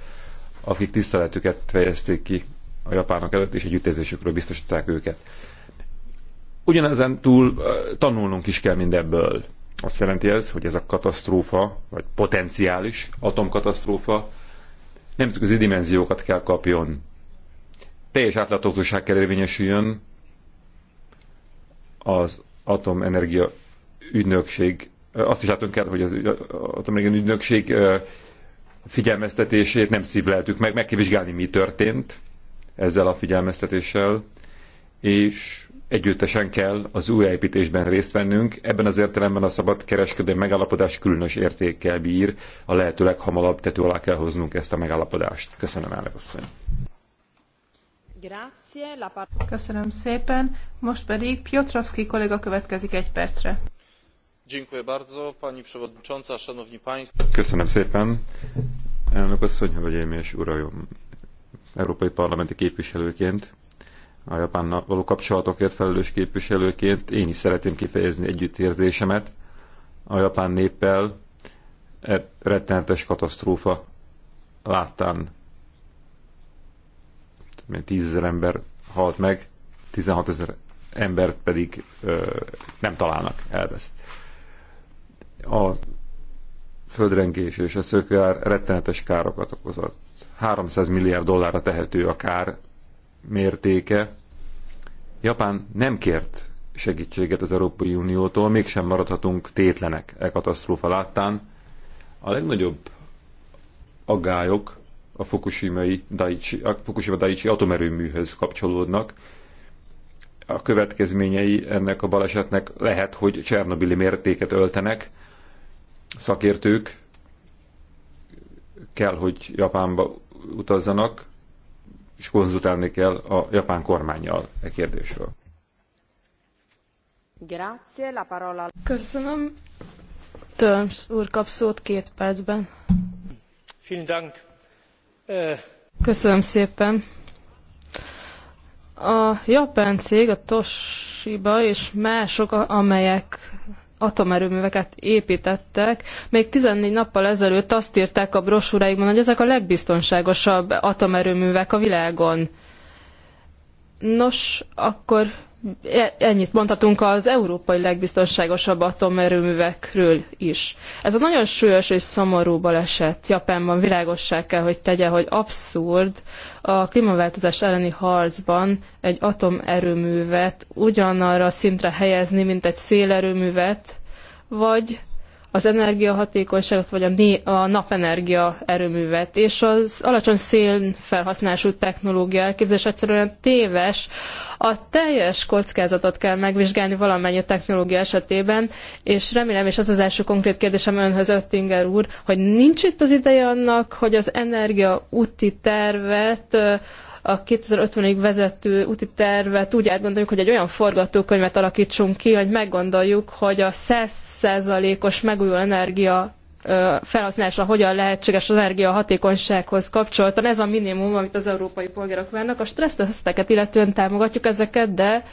akik tiszteletüket fejezték ki a japánok előtt, és együttérzésükről biztosították őket. Ugyanezen túl tanulnunk is kell mindebből. Azt jelenti ez, hogy ez a katasztrófa, vagy potenciális atomkatasztrófa nemzetközi dimenziókat kell kapjon. Teljes átláthatóság kell érvényesüljön az atomenergia ügynökség, azt is látunk kell, hogy az atomenergia ügynökség figyelmeztetését nem szívleltük meg, meg kell vizsgálni, mi történt ezzel a figyelmeztetéssel, és együttesen kell az építésben részt vennünk. Ebben az értelemben a szabad kereskedelmi megállapodás különös értékkel bír, a lehető leghamarabb tető alá kell hoznunk ezt a megállapodást. Köszönöm, elnök asszony! Köszönöm szépen. Most pedig Piotrowski kollega következik egy percre. Köszönöm szépen. Elnök asszony, hölgyeim és uraim, európai parlamenti képviselőként, a Japánnal való kapcsolatokért felelős képviselőként én is szeretném kifejezni együttérzésemet a japán néppel e rettenetes katasztrófa láttán mert 10 ezer ember halt meg, 16 ezer embert pedig ö, nem találnak, elveszt. A földrengés és a szökőár rettenetes károkat okozott. 300 milliárd dollárra tehető a kár mértéke. Japán nem kért segítséget az Európai Uniótól, mégsem maradhatunk tétlenek e katasztrófa láttán. A legnagyobb agályok a Fukushima-i Daiichi, a Fukushima Daiichi atomerőműhöz kapcsolódnak. A következményei ennek a balesetnek lehet, hogy Csernobili mértéket öltenek. Szakértők kell, hogy Japánba utazzanak, és konzultálni kell a japán kormányjal e kérdésről. Grazie, la parola. Köszönöm. Törms úr kap szót két percben. Vielen Dank. Köszönöm szépen. A japán cég, a Toshiba és mások, amelyek atomerőműveket építettek, még 14 nappal ezelőtt azt írták a brosúráikban, hogy ezek a legbiztonságosabb atomerőművek a világon. Nos, akkor E, ennyit mondhatunk az európai legbiztonságosabb atomerőművekről is. Ez a nagyon súlyos és szomorú baleset Japánban világossá kell, hogy tegye, hogy abszurd a klímaváltozás elleni harcban egy atomerőművet ugyanarra a szintre helyezni, mint egy szélerőművet, vagy az energiahatékonyságot, vagy a, né- a napenergia erőművet. És az alacsony szén felhasználású technológia elképzelés egyszerűen téves. A teljes kockázatot kell megvizsgálni valamennyi technológia esetében, és remélem, és az az első konkrét kérdésem önhöz, Öttinger úr, hogy nincs itt az ideje annak, hogy az energia úti tervet a 2050-ig vezető úti tervet úgy átgondoljuk, hogy egy olyan forgatókönyvet alakítsunk ki, hogy meggondoljuk, hogy a 100%-os megújuló energia felhasználásra hogyan lehetséges az energia hatékonysághoz kapcsolatban. Ez a minimum, amit az európai polgárok várnak. A stresszteszteket illetően támogatjuk ezeket, de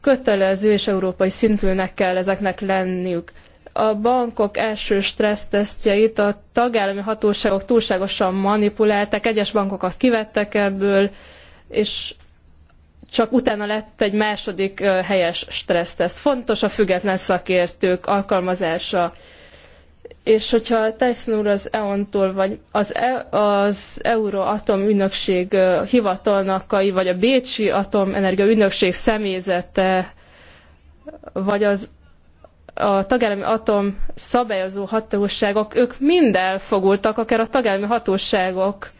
kötelező és európai szintűnek kell ezeknek lenniük a bankok első stressztesztjeit a tagállami hatóságok túlságosan manipulálták, egyes bankokat kivettek ebből, és csak utána lett egy második helyes stresszteszt. Fontos a független szakértők alkalmazása. És hogyha Tyson úr az EON-tól, vagy az, e- az Euróatom ügynökség hivatalnakai, vagy a Bécsi Atomenergia ügynökség személyzete, vagy az a tagállami atom szabályozó hatóságok, ők mind elfogultak, akár a tagállami hatóságok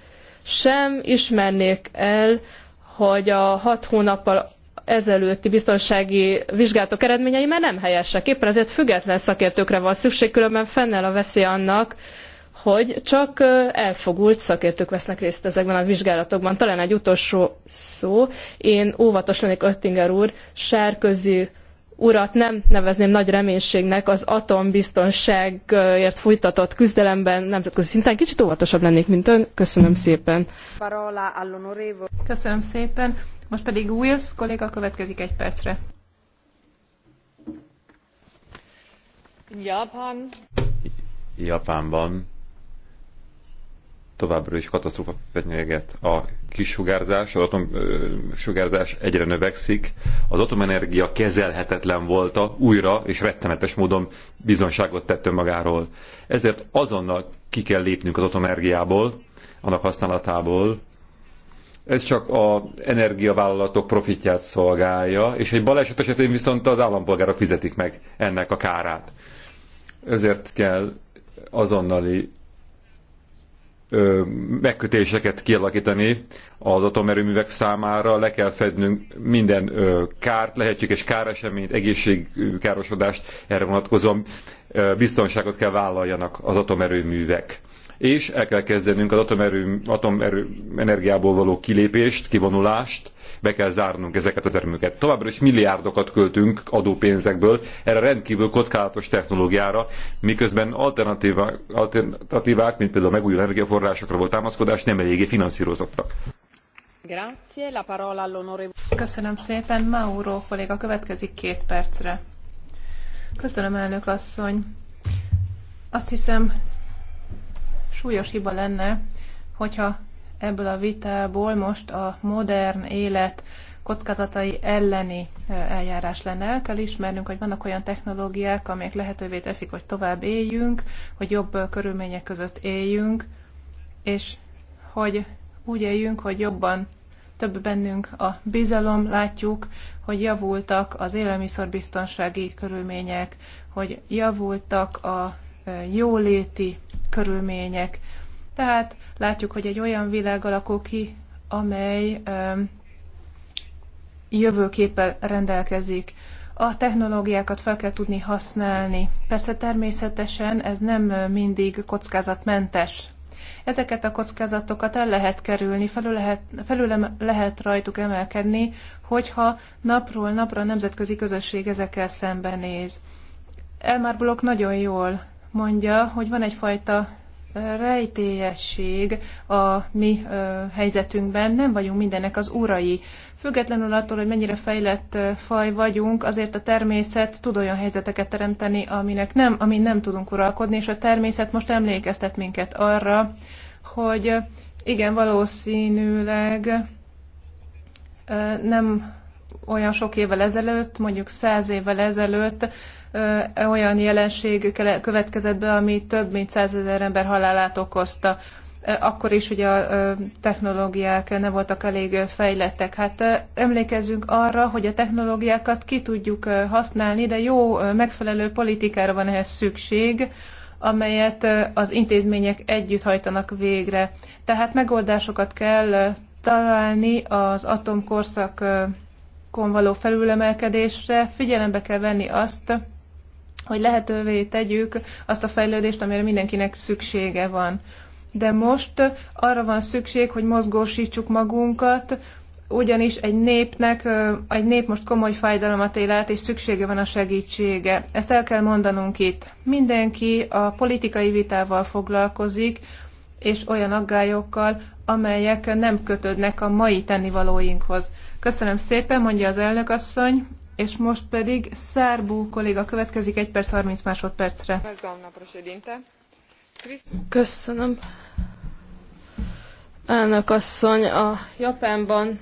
sem ismernék el, hogy a hat hónappal ezelőtti biztonsági vizsgálatok eredményei már nem helyesek. Éppen ezért független szakértőkre van szükség, különben fennáll a veszély annak, hogy csak elfogult szakértők vesznek részt ezekben a vizsgálatokban. Talán egy utolsó szó. Én óvatos lennék Öttinger úr, Sárközi urat nem nevezném nagy reménységnek az atombiztonságért folytatott küzdelemben nemzetközi szinten. Kicsit óvatosabb lennék, mint ön. Köszönöm szépen. Köszönöm szépen. Most pedig Wills kolléga következik egy percre. Japán. Japánban továbbra is katasztrófa fenyeget. A kisugárzás, az atomsugárzás egyre növekszik, az atomenergia kezelhetetlen volt újra, és rettenetes módon bizonságot tett önmagáról. Ezért azonnal ki kell lépnünk az atomenergiából, annak használatából. Ez csak az energiavállalatok profitját szolgálja, és egy baleset esetén viszont az állampolgárok fizetik meg ennek a kárát. Ezért kell azonnali megkötéseket kialakítani az atomerőművek számára, le kell fednünk minden kárt, lehetséges káreseményt, egészségkárosodást erre vonatkozóan biztonságot kell vállaljanak az atomerőművek és el kell kezdenünk az atomerő, atomerő energiából való kilépést, kivonulást, be kell zárnunk ezeket az erőműket. Továbbra is milliárdokat költünk adópénzekből erre rendkívül kockázatos technológiára, miközben alternatívák, alternatívák mint például megújuló energiaforrásokra volt támaszkodás, nem eléggé finanszírozottak. Grazie, la parola all'onorevole. Köszönöm szépen, Mauro kolléga következik két percre. Köszönöm, elnök asszony. Azt hiszem, súlyos hiba lenne, hogyha ebből a vitából most a modern élet kockázatai elleni e, eljárás lenne. El kell ismernünk, hogy vannak olyan technológiák, amelyek lehetővé teszik, hogy tovább éljünk, hogy jobb e, körülmények között éljünk, és hogy úgy éljünk, hogy jobban több bennünk a bizalom, látjuk, hogy javultak az élelmiszerbiztonsági körülmények, hogy javultak a jóléti körülmények. Tehát látjuk, hogy egy olyan világ alakul ki, amely jövőképpel rendelkezik. A technológiákat fel kell tudni használni. Persze természetesen ez nem mindig kockázatmentes. Ezeket a kockázatokat el lehet kerülni, felül lehet, felül lehet rajtuk emelkedni, hogyha napról napra a nemzetközi közösség ezekkel szembenéz. Elmar Blok nagyon jól mondja, hogy van egyfajta rejtélyesség a mi helyzetünkben, nem vagyunk mindennek az urai. Függetlenül attól, hogy mennyire fejlett faj vagyunk, azért a természet tud olyan helyzeteket teremteni, aminek nem, amin nem tudunk uralkodni, és a természet most emlékeztet minket arra, hogy igen, valószínűleg nem olyan sok évvel ezelőtt, mondjuk száz évvel ezelőtt olyan jelenség következett be, ami több mint százezer ember halálát okozta. Akkor is ugye a technológiák nem voltak elég fejlettek. Hát emlékezzünk arra, hogy a technológiákat ki tudjuk használni, de jó, megfelelő politikára van ehhez szükség, amelyet az intézmények együtt hajtanak végre. Tehát megoldásokat kell találni az atomkorszakon való felülemelkedésre, figyelembe kell venni azt, hogy lehetővé tegyük azt a fejlődést, amire mindenkinek szüksége van. De most arra van szükség, hogy mozgósítsuk magunkat, ugyanis egy népnek, egy nép most komoly fájdalmat él át, és szüksége van a segítsége. Ezt el kell mondanunk itt. Mindenki a politikai vitával foglalkozik, és olyan aggályokkal, amelyek nem kötődnek a mai tennivalóinkhoz. Köszönöm szépen, mondja az elnökasszony. És most pedig Szárbú kolléga következik egy perc 30 másodpercre. Köszönöm. Elnök asszony, a Japánban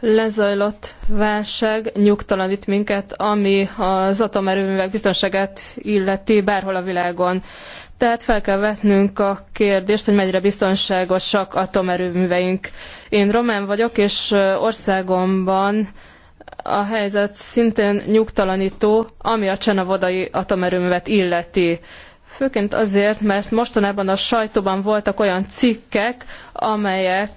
lezajlott válság nyugtalanít minket, ami az atomerőművek biztonságát illeti bárhol a világon. Tehát fel kell vetnünk a kérdést, hogy mennyire biztonságosak atomerőműveink. Én román vagyok, és országomban a helyzet szintén nyugtalanító, ami a csenavodai atomerőművet illeti. Főként azért, mert mostanában a sajtóban voltak olyan cikkek, amelyek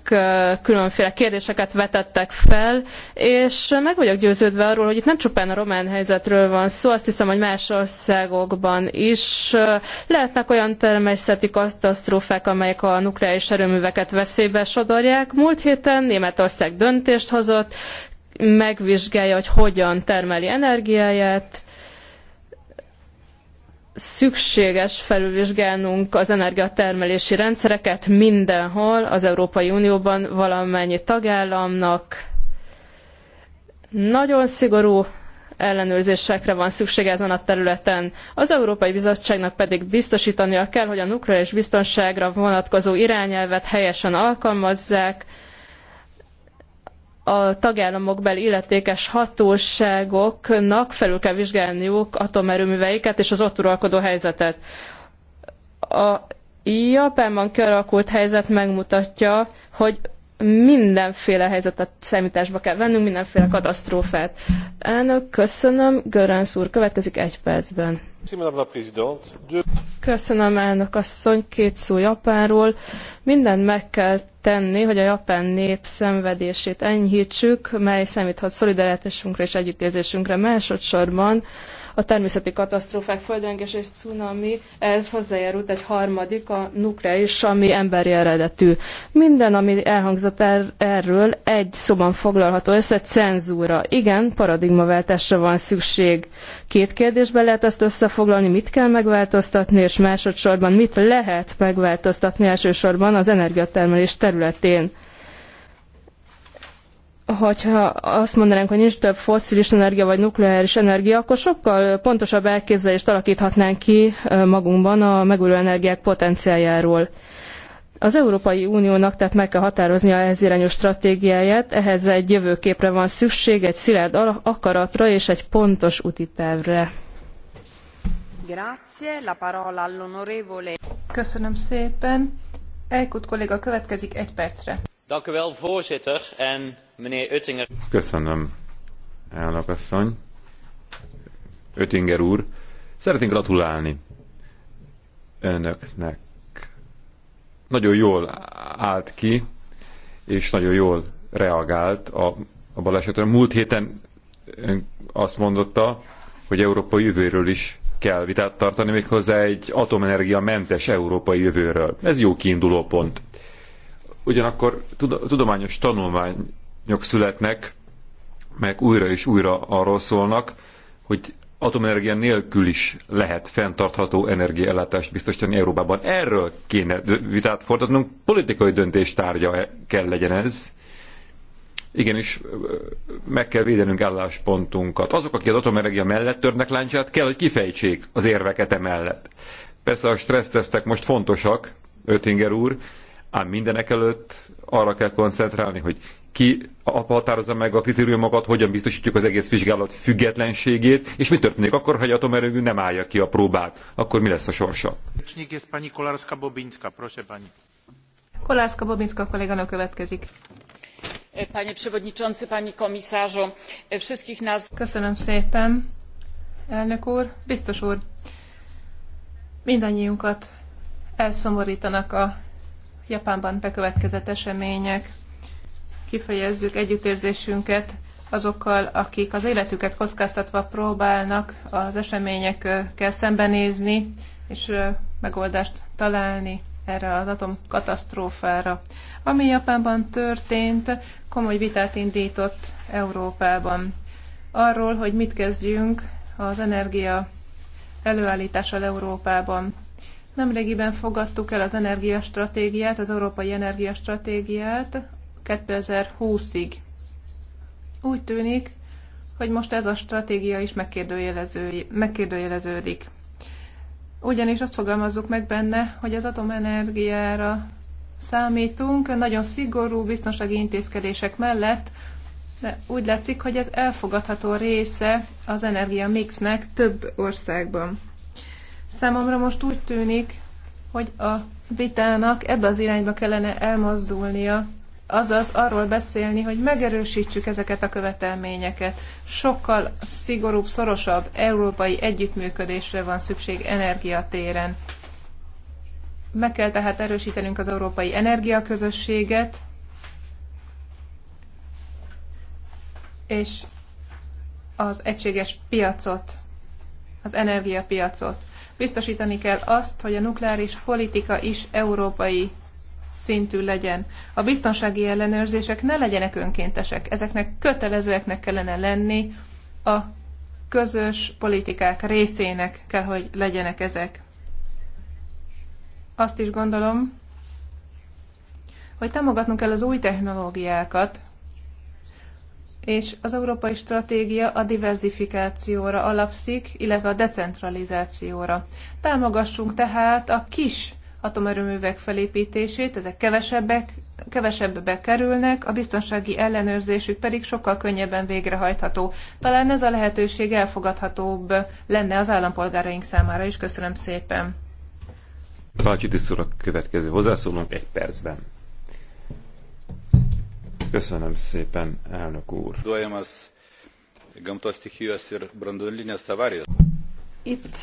különféle kérdéseket vetettek fel, és meg vagyok győződve arról, hogy itt nem csupán a román helyzetről van szó, azt hiszem, hogy más országokban is lehetnek olyan természeti katasztrófák, amelyek a nukleáris erőműveket veszélybe sodorják. Múlt héten Németország döntést hozott, megvizsgálja, hogy hogyan termeli energiáját, szükséges felülvizsgálnunk az energiatermelési rendszereket mindenhol az Európai Unióban valamennyi tagállamnak. Nagyon szigorú ellenőrzésekre van szüksége ezen a területen. Az Európai Bizottságnak pedig biztosítania kell, hogy a nukleáris biztonságra vonatkozó irányelvet helyesen alkalmazzák, a tagállamokbeli illetékes hatóságoknak felül kell vizsgálniuk atomerőműveiket és az ott uralkodó helyzetet. A Japánban kialakult helyzet megmutatja, hogy mindenféle helyzetet számításba kell vennünk, mindenféle katasztrófát. Elnök, köszönöm. Göránsz úr, következik egy percben. Köszönöm elnök két szó Japánról. Mindent meg kell tenni, hogy a japán nép szenvedését enyhítsük, mely számíthat szolidaritásunkra és együttérzésünkre. Másodszorban a természeti katasztrófák, földrengés és cunami, ez hozzájárult egy harmadik, a nukleáris, ami emberi eredetű. Minden, ami elhangzott er erről, egy szóban foglalható össze, cenzúra. Igen, paradigmaváltásra van szükség. Két kérdésben lehet ezt összefoglalni, mit kell megváltoztatni, és másodszorban mit lehet megváltoztatni elsősorban az energiatermelés területén hogyha azt mondanánk, hogy nincs több fosszilis energia vagy nukleáris energia, akkor sokkal pontosabb elképzelést alakíthatnánk ki magunkban a megújuló energiák potenciáljáról. Az Európai Uniónak tehát meg kell határoznia ehhez irányú stratégiáját, ehhez egy jövőképre van szükség, egy szilárd akaratra és egy pontos útitervre. Köszönöm szépen. Elkut kolléga következik egy percre voorzitter oettinger. köszönöm elnök asszony oettinger úr szeretnék gratulálni önöknek nagyon jól állt ki és nagyon jól reagált a, a balesetre. Múlt héten azt mondotta, hogy Európa jövőről is kell vitát tartani, méghozzá egy atomenergia mentes európai jövőről. Ez jó kiinduló pont. Ugyanakkor tudományos tanulmányok születnek, meg újra és újra arról szólnak, hogy atomenergia nélkül is lehet fenntartható energiaellátást biztosítani Európában. Erről kéne vitát fordítanunk, politikai döntés tárgya e-, kell legyen ez. Igenis, meg kell védenünk álláspontunkat. Azok, akik az atomenergia mellett törnek láncsát, kell, hogy kifejtsék az érveket emellett. Persze a stressztesztek most fontosak, Ötinger úr, Ám mindenek előtt arra kell koncentrálni, hogy ki határozza meg a kritériumokat, hogyan biztosítjuk az egész vizsgálat függetlenségét, és mi történik akkor, ha egy atomerőgű nem állja ki a próbát, akkor mi lesz a sorsa? Kolarska Bobinska kolléganő következik. Panie przewodniczący, pani komisarzu, wszystkich nas... Köszönöm szépen, elnök úr, biztos úr. Mindannyiunkat elszomorítanak a Japánban bekövetkezett események. Kifejezzük együttérzésünket azokkal, akik az életüket kockáztatva próbálnak az eseményekkel szembenézni, és megoldást találni erre az atomkatasztrófára. Ami Japánban történt, komoly vitát indított Európában. Arról, hogy mit kezdjünk az energia előállítással Európában. Nemrégiben fogadtuk el az energiastratégiát, az Európai Energiastratégiát 2020-ig. Úgy tűnik, hogy most ez a stratégia is megkérdőjelező, megkérdőjeleződik. Ugyanis azt fogalmazzuk meg benne, hogy az atomenergiára számítunk, nagyon szigorú biztonsági intézkedések mellett, de úgy látszik, hogy ez elfogadható része az energia mixnek több országban. Számomra most úgy tűnik, hogy a vitának ebbe az irányba kellene elmozdulnia, azaz arról beszélni, hogy megerősítsük ezeket a követelményeket. Sokkal szigorúbb, szorosabb európai együttműködésre van szükség energiatéren. Meg kell tehát erősítenünk az európai energiaközösséget, és az egységes piacot, az energiapiacot. Biztosítani kell azt, hogy a nukleáris politika is európai szintű legyen. A biztonsági ellenőrzések ne legyenek önkéntesek, ezeknek kötelezőeknek kellene lenni, a közös politikák részének kell, hogy legyenek ezek. Azt is gondolom, hogy támogatnunk kell az új technológiákat, és az európai stratégia a diversifikációra alapszik, illetve a decentralizációra. Támogassunk tehát a kis atomerőművek felépítését, ezek kevesebbek, kevesebbbe kerülnek, a biztonsági ellenőrzésük pedig sokkal könnyebben végrehajtható. Talán ez a lehetőség elfogadhatóbb lenne az állampolgáraink számára is. Köszönöm szépen! Falcsi a következő hozzászólunk egy percben. Köszönöm szépen, elnök úr. Itt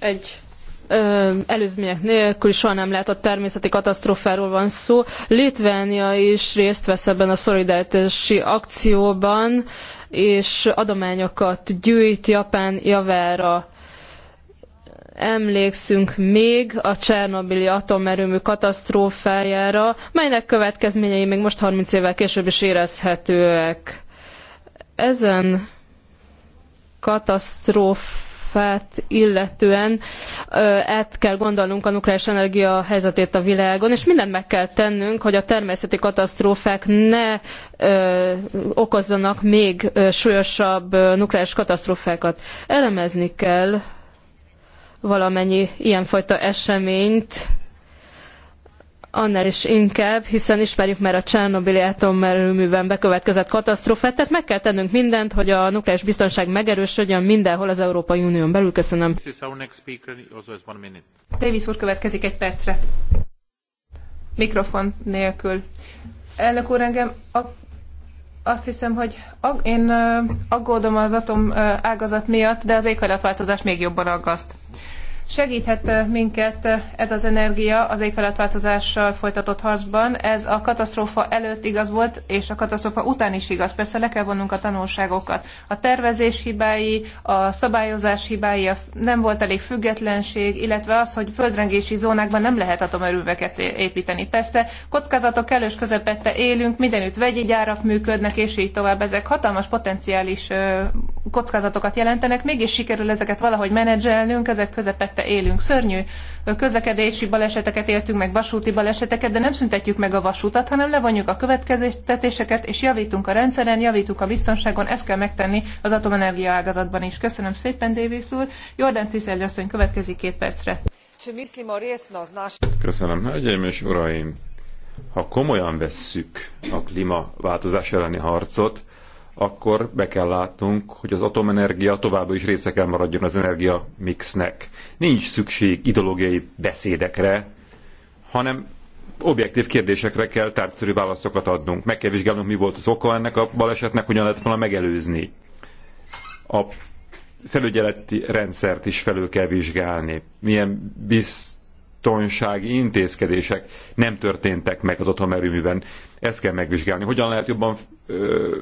egy ö, előzmények nélkül soha nem látott természeti katasztrófáról van szó. Litvánia is részt vesz ebben a szolidaritási akcióban, és adományokat gyűjt Japán javára emlékszünk még a Csernobili atomerőmű katasztrófájára, melynek következményei még most 30 évvel később is érezhetőek. Ezen katasztrófát illetően át kell gondolnunk a nukleáris energia helyzetét a világon, és mindent meg kell tennünk, hogy a természeti katasztrófák ne ö, okozzanak még súlyosabb nukleáris katasztrófákat. Elemezni kell valamennyi ilyenfajta eseményt, annál is inkább, hiszen ismerjük már a Csernobili atomerőműben bekövetkezett katasztrófát, tehát meg kell tennünk mindent, hogy a nukleáris biztonság megerősödjön mindenhol az Európai Unión belül. Köszönöm. Davis úr következik egy percre. Mikrofon nélkül. Elnök úr, engem a azt hiszem, hogy én aggódom az atom ágazat miatt, de az éghajlatváltozás még jobban aggaszt. Segíthet minket ez az energia az éghajlatváltozással folytatott harcban. Ez a katasztrófa előtt igaz volt, és a katasztrófa után is igaz. Persze le kell vonnunk a tanulságokat. A tervezés hibái, a szabályozás hibái, a nem volt elég függetlenség, illetve az, hogy földrengési zónákban nem lehet atomerőveket építeni. Persze kockázatok elős közepette élünk, mindenütt vegyi gyárak működnek, és így tovább. Ezek hatalmas potenciális kockázatokat jelentenek, mégis sikerül ezeket valahogy menedzselnünk, ezek közepette közepette élünk. Szörnyű közlekedési baleseteket éltünk meg, vasúti baleseteket, de nem szüntetjük meg a vasútat, hanem levonjuk a következtetéseket, és javítunk a rendszeren, javítunk a biztonságon, ezt kell megtenni az atomenergia ágazatban is. Köszönöm szépen, Davis úr. Jordán Ciszeli asszony következik két percre. Köszönöm, hölgyeim és uraim! Ha komolyan vesszük a klímaváltozás elleni harcot, akkor be kell látnunk, hogy az atomenergia továbbra is része kell maradjon az energia mixnek. Nincs szükség ideológiai beszédekre, hanem objektív kérdésekre kell tárgyszerű válaszokat adnunk. Meg kell vizsgálnunk, mi volt az oka ennek a balesetnek, hogyan lehet volna megelőzni. A felügyeleti rendszert is felül kell vizsgálni. Milyen biztonsági intézkedések nem történtek meg az atomerőműben. Ezt kell megvizsgálni. Hogyan lehet jobban ö,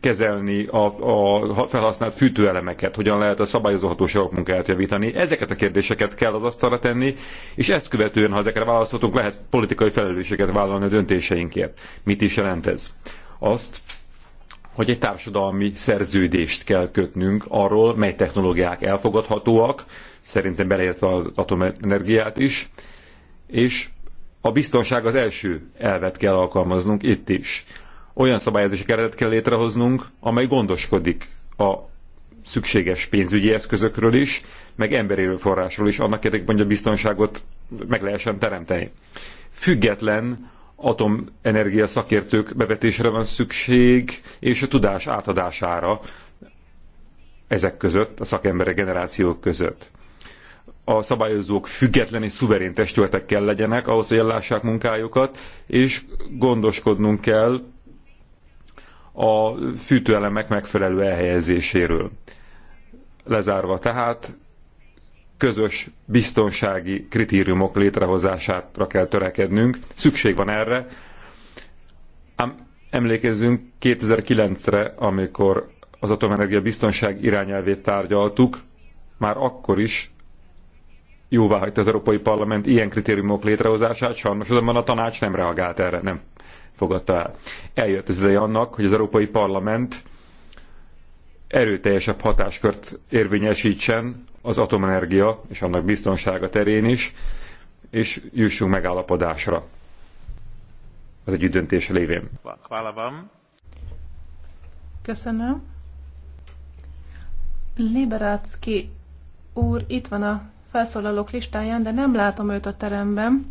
kezelni a, a felhasznált fűtőelemeket, hogyan lehet a szabályozóhatóságok munkáját javítani. Ezeket a kérdéseket kell az asztalra tenni, és ezt követően, ha ezekre választhatunk, lehet politikai felelősséget vállalni a döntéseinkért. Mit is jelent ez? Azt, hogy egy társadalmi szerződést kell kötnünk arról, mely technológiák elfogadhatóak, szerintem beleértve az atomenergiát is, és a biztonság az első elvet kell alkalmaznunk itt is olyan szabályozási keretet kell létrehoznunk, amely gondoskodik a szükséges pénzügyi eszközökről is, meg emberi erőforrásról is, annak érdekében, hogy a biztonságot meg lehessen teremteni. Független atomenergia szakértők bevetésre van szükség, és a tudás átadására ezek között, a szakemberek generációk között. A szabályozók független és szuverén testületek kell legyenek ahhoz, hogy ellássák munkájukat, és gondoskodnunk kell a fűtőelemek megfelelő elhelyezéséről. Lezárva tehát, közös biztonsági kritériumok létrehozására kell törekednünk. Szükség van erre. Ám emlékezzünk 2009-re, amikor az atomenergia biztonság irányelvét tárgyaltuk, már akkor is jóváhagyta az Európai Parlament ilyen kritériumok létrehozását, sajnos azonban a tanács nem reagált erre, nem fogadta el. Eljött az ideje annak, hogy az Európai Parlament erőteljesebb hatáskört érvényesítsen az atomenergia és annak biztonsága terén is, és jussunk megállapodásra az együtt döntés lévén. Köszönöm. Liberácki úr itt van a felszólalók listáján, de nem látom őt a teremben.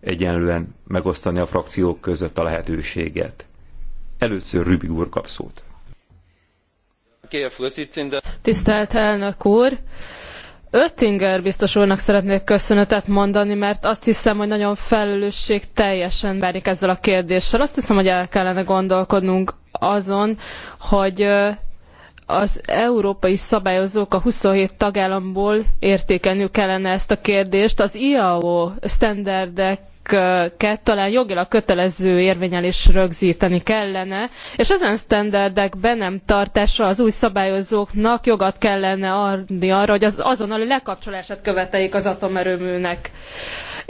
egyenlően megosztani a frakciók között a lehetőséget. Először Rübi úr kap szót. Tisztelt elnök úr! Öttinger biztos úrnak szeretnék köszönetet mondani, mert azt hiszem, hogy nagyon felelősség teljesen bánik ezzel a kérdéssel. Azt hiszem, hogy el kellene gondolkodnunk azon, hogy az európai szabályozók a 27 tagállamból értékelni kellene ezt a kérdést. Az IAO standardek standardeket talán jogilag kötelező érvényel is rögzíteni kellene, és ezen standardek be nem tartása az új szabályozóknak jogat kellene adni arra, hogy az azonnali lekapcsolását követeljék az atomerőműnek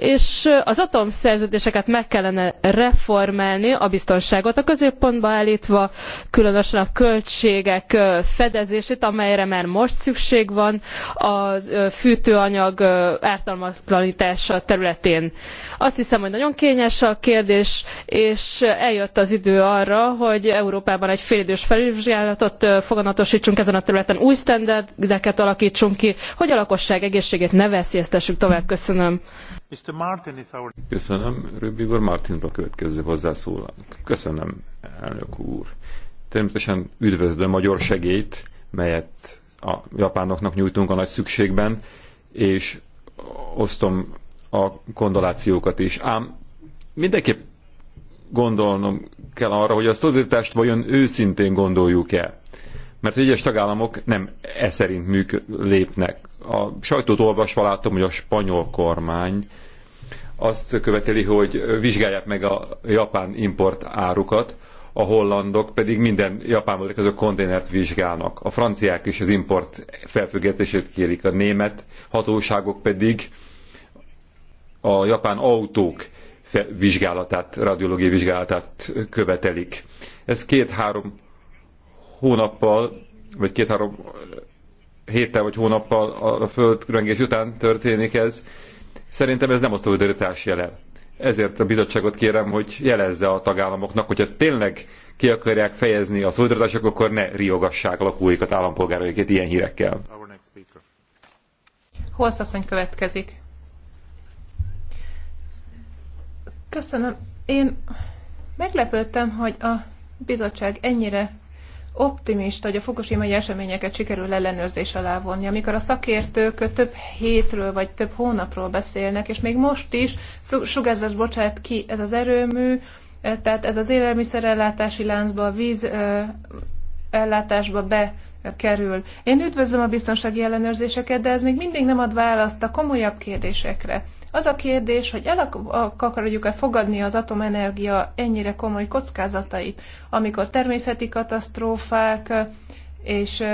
és az atomszerződéseket meg kellene reformálni, a biztonságot a középpontba állítva, különösen a költségek fedezését, amelyre már most szükség van a fűtőanyag ártalmatlanítása területén. Azt hiszem, hogy nagyon kényes a kérdés, és eljött az idő arra, hogy Európában egy félidős felvizsgálatot foganatosítsunk ezen a területen, új sztenderdeket alakítsunk ki, hogy a lakosság egészségét ne veszélyeztessük tovább. Köszönöm. Martin Köszönöm, Martinra következő hozzászólunk. Köszönöm, elnök úr. Természetesen üdvözlöm a gyors segélyt, melyet a japánoknak nyújtunk a nagy szükségben, és osztom a kondolációkat is. Ám mindenképp gondolnom kell arra, hogy a szolidaritást vajon őszintén gondoljuk-e. Mert egyes tagállamok nem e szerint lépnek a sajtót olvasva láttam, hogy a spanyol kormány azt követeli, hogy vizsgálják meg a japán import árukat, a hollandok pedig minden japánból érkező konténert vizsgálnak. A franciák is az import felfüggesztését kérik, a német hatóságok pedig a japán autók vizsgálatát, radiológiai vizsgálatát követelik. Ez két-három hónappal, vagy két-három héttel vagy hónappal a földrengés után történik ez. Szerintem ez nem az szolidaritás jele. Ezért a bizottságot kérem, hogy jelezze a tagállamoknak, hogyha tényleg ki akarják fejezni a szolidaritások, akkor ne riogassák lakóikat, állampolgáraikat ilyen hírekkel. Holsz asszony következik. Köszönöm. Én meglepődtem, hogy a bizottság ennyire optimista, hogy a fukushimai eseményeket sikerül ellenőrzés alá vonni, amikor a szakértők több hétről vagy több hónapról beszélnek, és még most is sugárzás bocsát ki ez az erőmű, eh, tehát ez az élelmiszerellátási láncba, a víz eh, ellátásba bekerül. Én üdvözlöm a biztonsági ellenőrzéseket, de ez még mindig nem ad választ a komolyabb kérdésekre. Az a kérdés, hogy el akarjuk-e fogadni az atomenergia ennyire komoly kockázatait, amikor természeti katasztrófák és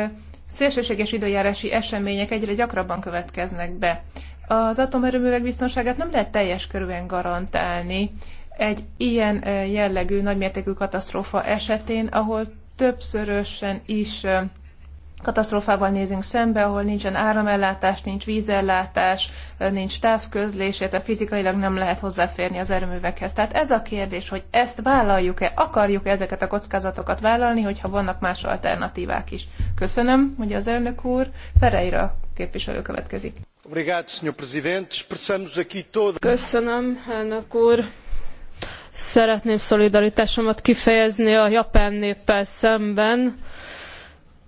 szélsőséges időjárási események egyre gyakrabban következnek be. Az atomerőművek biztonságát nem lehet teljes körűen garantálni egy ilyen jellegű nagymértékű katasztrófa esetén, ahol többszörösen is katasztrófával nézünk szembe, ahol nincsen áramellátás, nincs vízellátás, nincs távközlés, tehát fizikailag nem lehet hozzáférni az erőművekhez. Tehát ez a kérdés, hogy ezt vállaljuk-e, akarjuk -e ezeket a kockázatokat vállalni, hogyha vannak más alternatívák is. Köszönöm, hogy az elnök úr. Ferreira képviselő következik. Köszönöm, elnök úr. Szeretném szolidaritásomat kifejezni a japán néppel szemben,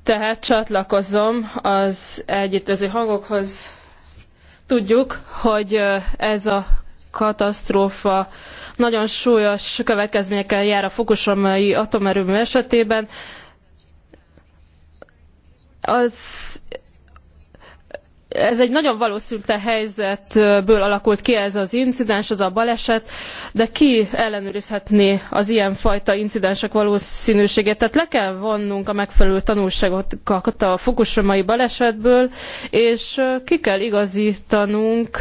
tehát csatlakozom az együttöző hangokhoz, Tudjuk, hogy ez a katasztrófa nagyon súlyos következményekkel jár a fukushimai atomerőmű esetében. Az ez egy nagyon valószínűtlen helyzetből alakult ki ez az incidens, az a baleset, de ki ellenőrizhetné az ilyen fajta incidensek valószínűségét? Tehát le kell vonnunk a megfelelő tanulságokat a fukushimai balesetből, és ki kell igazítanunk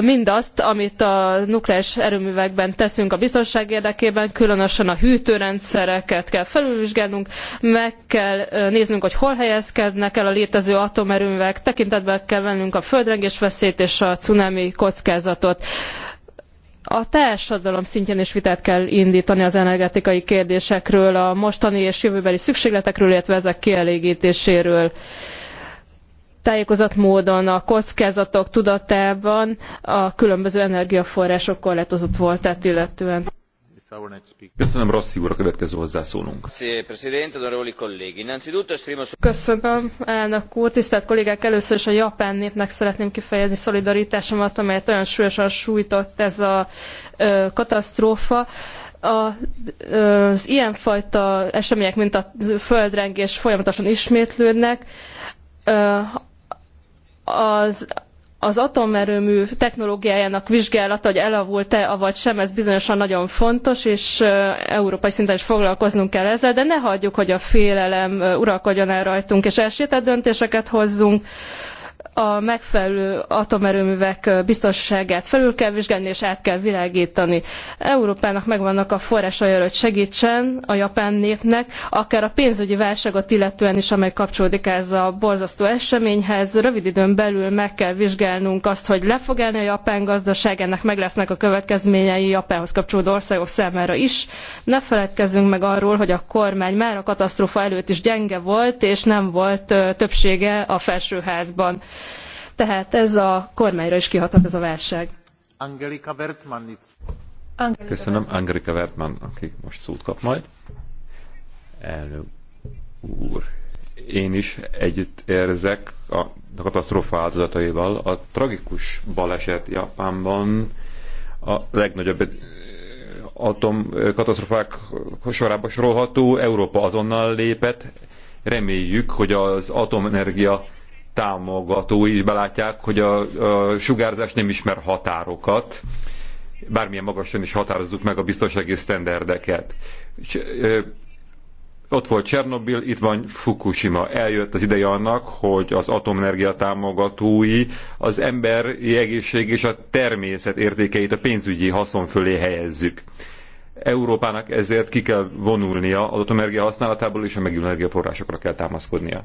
mindazt, amit a nukleáris erőművekben teszünk a biztonság érdekében, különösen a hűtőrendszereket kell felülvizsgálnunk, meg kell néznünk, hogy hol helyezkednek el a létező atomerőművek, tekintetbe kell vennünk a földrengés veszélyt és a cunami kockázatot. A társadalom szintjén is vitát kell indítani az energetikai kérdésekről, a mostani és jövőbeli szükségletekről, illetve ezek kielégítéséről tájékozott módon a kockázatok tudatában a különböző energiaforrások korlátozott voltát illetően. Köszönöm, Rossi úr, a következő hozzászólunk. Köszönöm, elnök úr, tisztelt kollégák, először is a japán népnek szeretném kifejezni szolidaritásomat, amelyet olyan súlyosan sújtott ez a ö, katasztrófa. A, az ilyenfajta események, mint a földrengés folyamatosan ismétlődnek. Ö, az az atomerőmű technológiájának vizsgálata, hogy elavult-e, avagy sem, ez bizonyosan nagyon fontos, és európai szinten is foglalkoznunk kell ezzel, de ne hagyjuk, hogy a félelem uralkodjon el rajtunk, és elsétett döntéseket hozzunk a megfelelő atomerőművek biztonságát felül kell vizsgálni és át kell világítani. Európának megvannak a forrásai arra, hogy segítsen a japán népnek, akár a pénzügyi válságot illetően is, amely kapcsolódik ez a borzasztó eseményhez. Rövid időn belül meg kell vizsgálnunk azt, hogy le fog állni a japán gazdaság, ennek meg lesznek a következményei Japánhoz kapcsolódó országok számára is. Ne feledkezzünk meg arról, hogy a kormány már a katasztrófa előtt is gyenge volt, és nem volt többsége a felsőházban. Tehát ez a kormányra is kihatott ez a válság. Angelika Bertmann itt. Angelika Köszönöm, Angelika Bertmann, aki most szót kap majd. Elnök úr, én is együtt érzek a katasztrófa áldozataival. A tragikus baleset Japánban a legnagyobb eh, atomkatasztrofák eh, sorába sorolható. Európa azonnal lépett. Reméljük, hogy az atomenergia támogatói is belátják, hogy a, a sugárzás nem ismer határokat, bármilyen magasan is határozzuk meg a biztonsági sztenderdeket. Ott volt Csernobil, itt van Fukushima. Eljött az ideje annak, hogy az atomenergia támogatói az emberi egészség és a természet értékeit a pénzügyi haszon fölé helyezzük. Európának ezért ki kell vonulnia az atomenergia használatából, és a megújuló energiaforrásokra kell támaszkodnia.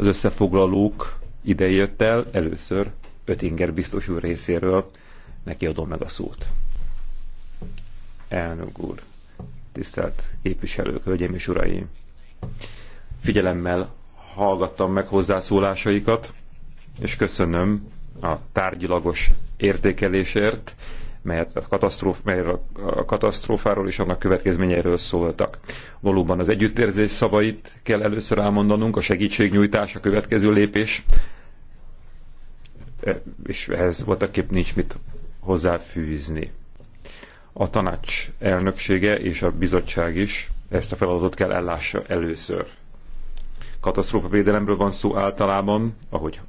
az összefoglalók ide jött el először Ötinger biztos úr részéről. Neki adom meg a szót. Elnök úr, tisztelt képviselők, hölgyeim és uraim! Figyelemmel hallgattam meg hozzászólásaikat, és köszönöm a tárgyilagos értékelésért, melyet a, katasztróf, mely a katasztrófáról és annak következményeiről szóltak. Valóban az együttérzés szavait kell először elmondanunk, a segítségnyújtás a következő lépés, e, és ehhez voltaképp nincs mit hozzáfűzni. A tanács elnöksége és a bizottság is ezt a feladatot kell ellássa először. Katasztrófavédelemről van szó általában, ahogy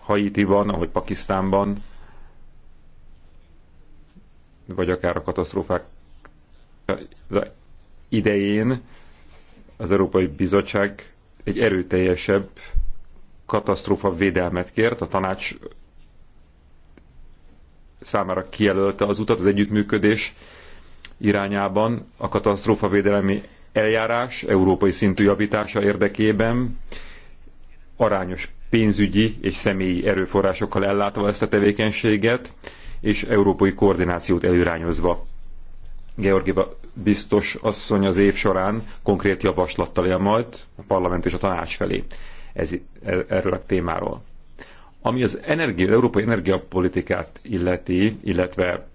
haiti van, ahogy Pakisztánban, vagy akár a katasztrófák idején az Európai Bizottság egy erőteljesebb katasztrófa védelmet kért, a tanács számára kijelölte az utat az együttműködés irányában a katasztrófa védelmi eljárás európai szintű javítása érdekében arányos pénzügyi és személyi erőforrásokkal ellátva ezt a tevékenységet, és európai koordinációt előrányozva. Georgieva biztos asszony az év során konkrét javaslattal él majd a parlament és a tanács felé ez, e, erről a témáról. Ami az energia, az európai energiapolitikát illeti, illetve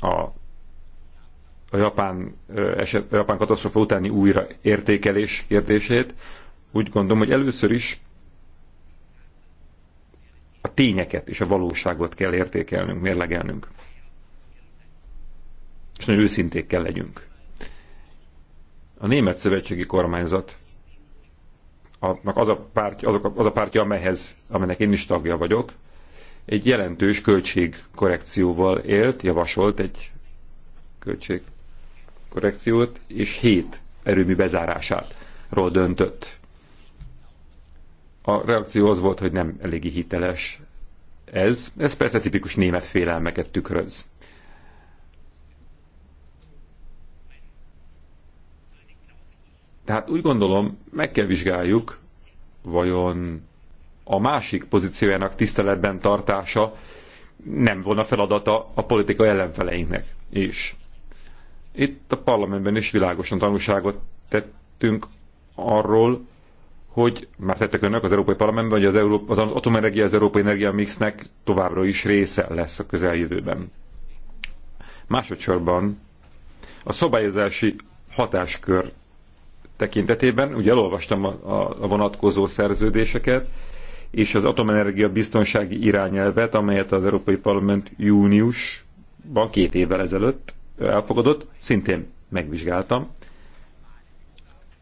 a, a japán, eset, a japán katasztrofa utáni újra értékelés kérdését, úgy gondolom, hogy először is tényeket és a valóságot kell értékelnünk, mérlegelnünk. És nagyon őszinték kell legyünk. A német szövetségi kormányzat az a, pártja, azok a, az a pártja, amelyhez, amelynek én is tagja vagyok, egy jelentős költségkorrekcióval élt, javasolt egy költségkorrekciót, és hét erőmű bezárásátról döntött a reakció az volt, hogy nem eléggé hiteles ez. Ez persze tipikus német félelmeket tükröz. Tehát úgy gondolom, meg kell vizsgáljuk, vajon a másik pozíciójának tiszteletben tartása nem volna feladata a politika ellenfeleinknek is. Itt a parlamentben is világosan tanulságot tettünk arról, hogy már tettek önök az Európai Parlamentben, hogy az, Európa, az atomenergia az Európai Energia Mixnek továbbra is része lesz a közeljövőben. Másodszorban a szabályozási hatáskör tekintetében, ugye elolvastam a, a vonatkozó szerződéseket, és az atomenergia biztonsági irányelvet, amelyet az Európai Parlament júniusban két évvel ezelőtt elfogadott, szintén megvizsgáltam,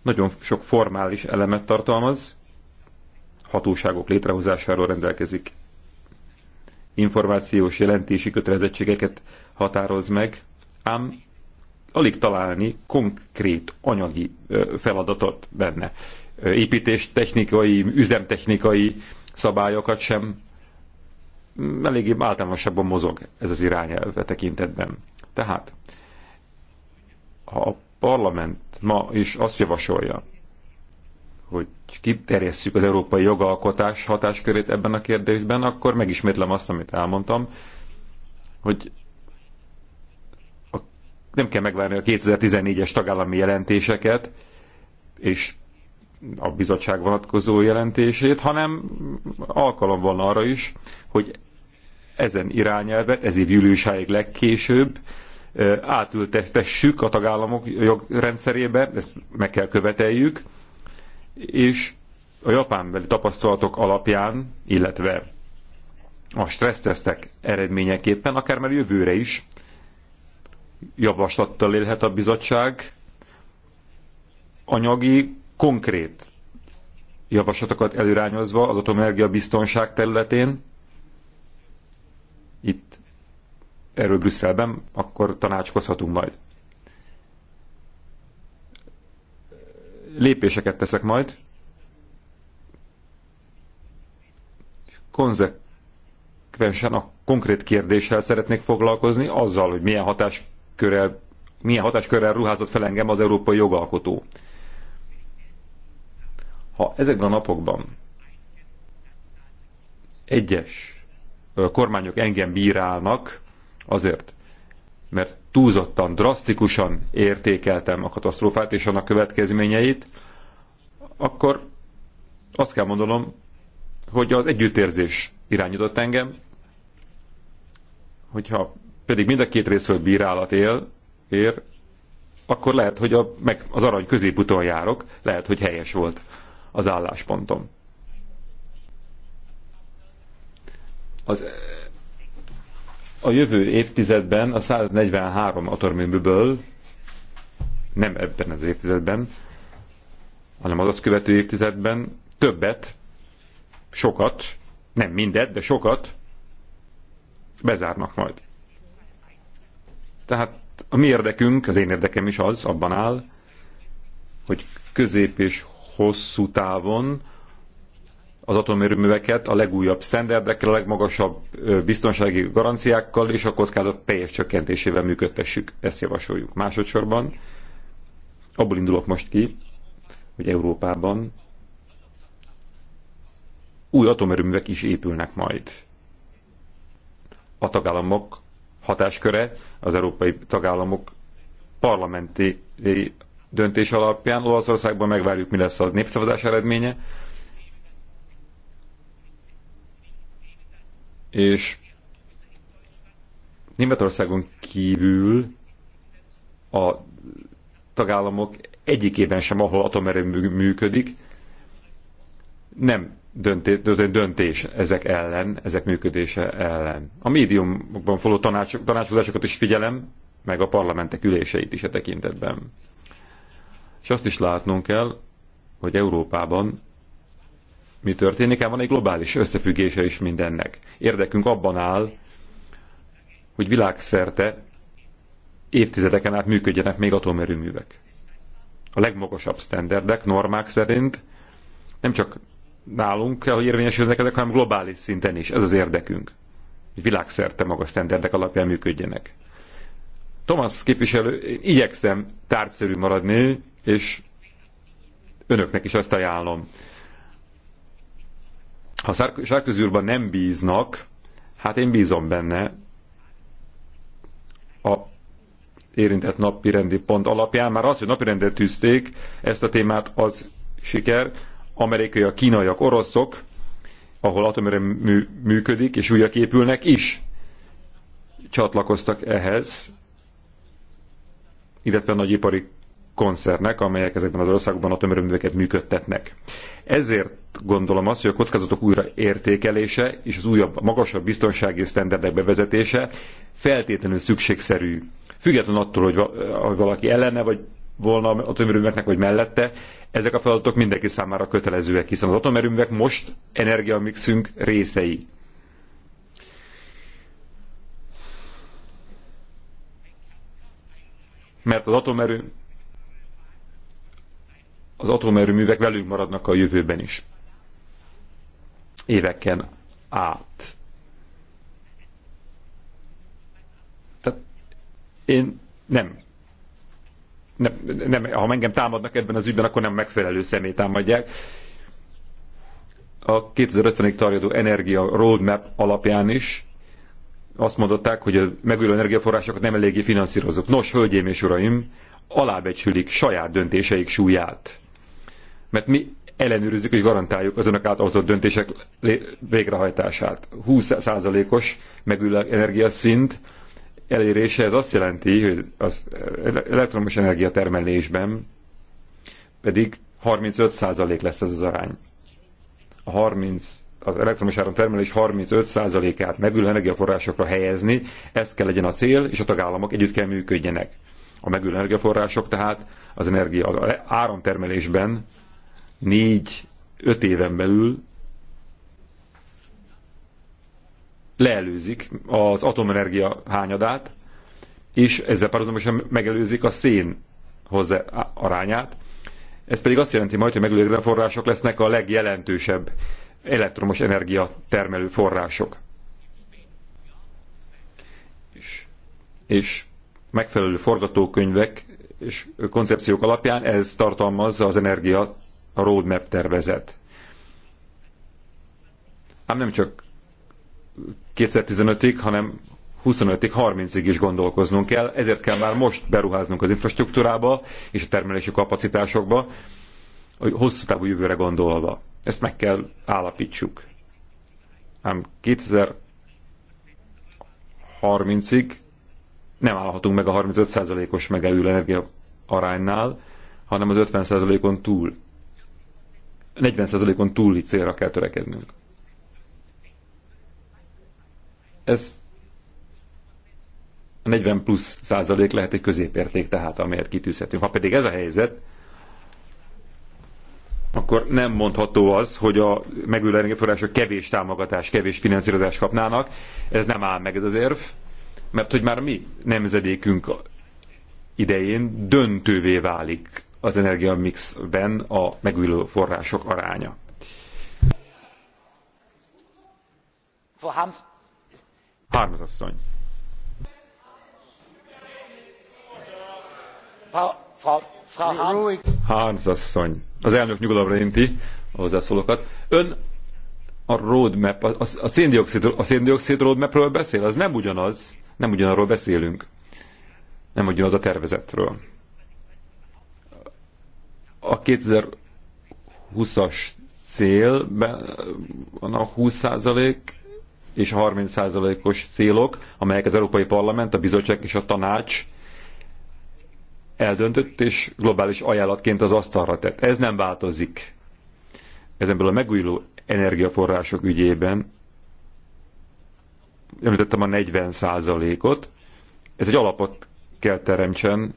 nagyon sok formális elemet tartalmaz, hatóságok létrehozásáról rendelkezik, információs jelentési kötelezettségeket határoz meg, ám alig találni konkrét anyagi feladatot benne. Építés technikai, üzemtechnikai szabályokat sem mm, eléggé általánosabban mozog ez az irányelve tekintetben. Tehát, ha a parlament ma is azt javasolja, hogy kiterjesszük az európai jogalkotás hatáskörét ebben a kérdésben, akkor megismétlem azt, amit elmondtam, hogy a, nem kell megvárni a 2014-es tagállami jelentéseket, és a bizottság vonatkozó jelentését, hanem alkalom van arra is, hogy ezen irányelvet, ez év júliusáig legkésőbb átültessük a tagállamok jogrendszerébe, ezt meg kell követeljük, és a japánbeli tapasztalatok alapján, illetve a stressztesztek eredményeképpen, akár már jövőre is javaslattal élhet a bizottság anyagi, konkrét javaslatokat előrányozva az atomenergia biztonság területén. Itt erről Brüsszelben, akkor tanácskozhatunk majd. Lépéseket teszek majd. Konzekvensen a konkrét kérdéssel szeretnék foglalkozni, azzal, hogy milyen hatáskörrel, milyen hatáskörrel ruházott fel engem az európai jogalkotó. Ha ezekben a napokban egyes kormányok engem bírálnak, Azért, mert túlzottan, drasztikusan értékeltem a katasztrófát és annak következményeit, akkor azt kell mondanom, hogy az együttérzés irányított engem, hogyha pedig mind a két részről bírálat él, ér, akkor lehet, hogy a, meg az arany középuton járok, lehet, hogy helyes volt az álláspontom. Az a jövő évtizedben a 143 atomerőműből, nem ebben az évtizedben, hanem az azt követő évtizedben többet, sokat, nem mindet, de sokat bezárnak majd. Tehát a mi érdekünk, az én érdekem is az, abban áll, hogy közép és hosszú távon az atomerőműveket a legújabb sztenderdekkel, a legmagasabb biztonsági garanciákkal és a kockázat teljes csökkentésével működtessük. Ezt javasoljuk. Másodszorban abból indulok most ki, hogy Európában új atomerőművek is épülnek majd. A tagállamok hatásköre az európai tagállamok parlamenti döntés alapján Olaszországban megvárjuk, mi lesz a népszavazás eredménye, és Németországon kívül a tagállamok egyikében sem, ahol atomerőmű működik, nem döntés, döntés ezek ellen, ezek működése ellen. A médiumokban való tanácsok, tanácskozásokat is figyelem, meg a parlamentek üléseit is a tekintetben. És azt is látnunk kell, hogy Európában mi történik, hát van egy globális összefüggése is mindennek. Érdekünk abban áll, hogy világszerte évtizedeken át működjenek még atomerőművek. A legmagasabb sztenderdek, normák szerint nem csak nálunk kell, hogy érvényesülnek ezek, hanem globális szinten is. Ez az érdekünk. Hogy világszerte magas sztenderdek alapján működjenek. Thomas képviselő, én igyekszem tárgyszerű maradni, és önöknek is azt ajánlom, ha Sarkozy úrban nem bíznak, hát én bízom benne a érintett napi rendi pont alapján. Már az, hogy napirendre tűzték ezt a témát, az siker. Amerikaiak, kínaiak, oroszok, ahol atomerőmű működik és újak épülnek is csatlakoztak ehhez, illetve nagyipari koncernek, amelyek ezekben az országokban atomerőműveket működtetnek. Ezért gondolom azt, hogy a kockázatok újra értékelése és az újabb, magasabb biztonsági sztenderdek bevezetése feltétlenül szükségszerű. Független attól, hogy valaki ellene vagy volna atomerőműveknek, vagy mellette, ezek a feladatok mindenki számára kötelezőek, hiszen az atomerőművek most energiamixünk részei. Mert az atomerő az atomerőművek velünk maradnak a jövőben is. Éveken át. Tehát én nem. nem, nem ha engem támadnak ebben az ügyben, akkor nem megfelelő személy támadják. A 2050-ig tarjadó energia roadmap alapján is azt mondották, hogy a megújuló energiaforrásokat nem eléggé finanszírozok. Nos, hölgyeim és uraim, alábecsülik saját döntéseik súlyát mert mi ellenőrizzük és garantáljuk az önök által hozott döntések végrehajtását. 20%-os megülő energiaszint elérése, ez azt jelenti, hogy az elektromos energiatermelésben pedig 35% lesz ez az arány. A 30, az elektromos áramtermelés 35%-át megülő energiaforrásokra helyezni, ez kell legyen a cél, és a tagállamok együtt kell működjenek. A megülő energiaforrások tehát az energia az áramtermelésben négy-öt éven belül leelőzik az atomenergia hányadát, és ezzel párhuzamosan megelőzik a szén hozzá arányát. Ez pedig azt jelenti majd, hogy megújuló források lesznek a legjelentősebb elektromos energia termelő források. És, és megfelelő forgatókönyvek és koncepciók alapján ez tartalmazza az energia a roadmap tervezet. Ám nem csak 2015-ig, hanem 25-ig, 30-ig is gondolkoznunk kell, ezért kell már most beruháznunk az infrastruktúrába és a termelési kapacitásokba, hogy hosszú távú jövőre gondolva. Ezt meg kell állapítsuk. Ám 2030-ig nem állhatunk meg a 35%-os megelő energia aránynál, hanem az 50%-on túl 40%-on túli célra kell törekednünk. Ez a 40 plusz százalék lehet egy középérték tehát, amelyet kitűzhetünk. Ha pedig ez a helyzet, akkor nem mondható az, hogy a megújuló energiaforrások kevés támogatás, kevés finanszírozást kapnának. Ez nem áll meg ez az érv, mert hogy már mi nemzedékünk idején döntővé válik az energiamixben a megújuló források aránya. Harms asszony. asszony. Az elnök nyugalomra inti a hozzászólókat. Ön a roadmap, a, a, széndiokszid, a széndiokszid roadmapről beszél, az nem ugyanaz, nem ugyanarról beszélünk. Nem ugyanaz a tervezetről a 2020-as cél, van a 20% és a 30%-os célok, amelyek az Európai Parlament, a Bizottság és a Tanács eldöntött és globális ajánlatként az asztalra tett. Ez nem változik. Ezen belül a megújuló energiaforrások ügyében említettem a 40 ot ez egy alapot kell teremtsen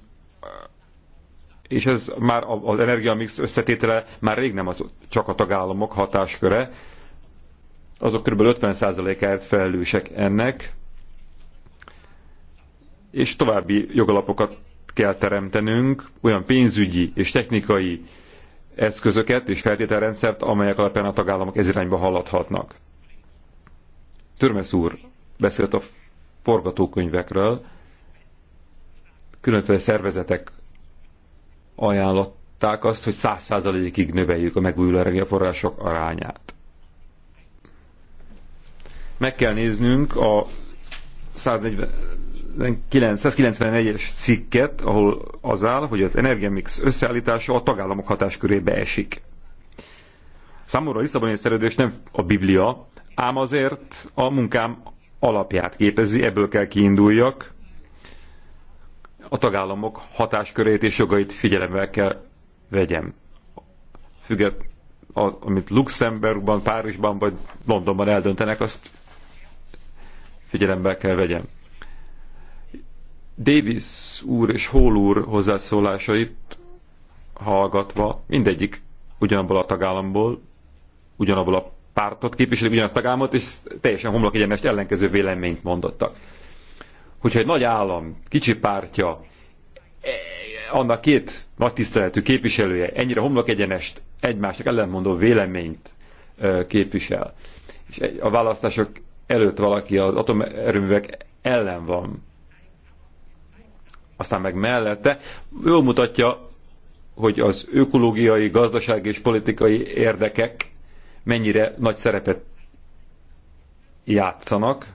és ez már az energiamix összetétele már rég nem csak a tagállamok hatásköre, azok kb. 50%-át felelősek ennek, és további jogalapokat kell teremtenünk, olyan pénzügyi és technikai eszközöket és feltételrendszert, amelyek alapján a tagállamok ez irányba haladhatnak. Törmesz úr beszélt a forgatókönyvekről, különféle szervezetek ajánlották azt, hogy 100%-ig növeljük a megújuló energiaforrások arányát. Meg kell néznünk a 194 es cikket, ahol az áll, hogy az energiamix összeállítása a tagállamok hatáskörébe esik. Számomra a Lisszaboni szerződés nem a Biblia, ám azért a munkám alapját képezi, ebből kell kiinduljak, a tagállamok hatáskörét és jogait figyelembe kell vegyem. Függet, a, amit Luxemburgban, Párizsban vagy Londonban eldöntenek, azt figyelembe kell vegyem. Davis úr és Hall úr hozzászólásait hallgatva, mindegyik ugyanabból a tagállamból, ugyanabból a pártot képviselik, ugyanazt a tagállamot, és teljesen homlok egyenest ellenkező véleményt mondottak hogyha egy nagy állam, kicsi pártja, e, annak két nagy tiszteletű képviselője ennyire homlok egyenest egymásnak ellentmondó véleményt e, képvisel, és a választások előtt valaki az atomerőművek ellen van, aztán meg mellette, jól mutatja, hogy az ökológiai, gazdasági és politikai érdekek mennyire nagy szerepet játszanak,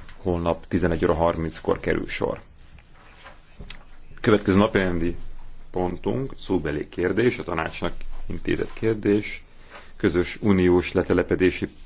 holnap 11 óra 30-kor kerül sor. Következő napi pontunk szóbeli kérdés, a tanácsnak intézett kérdés, közös uniós letelepedési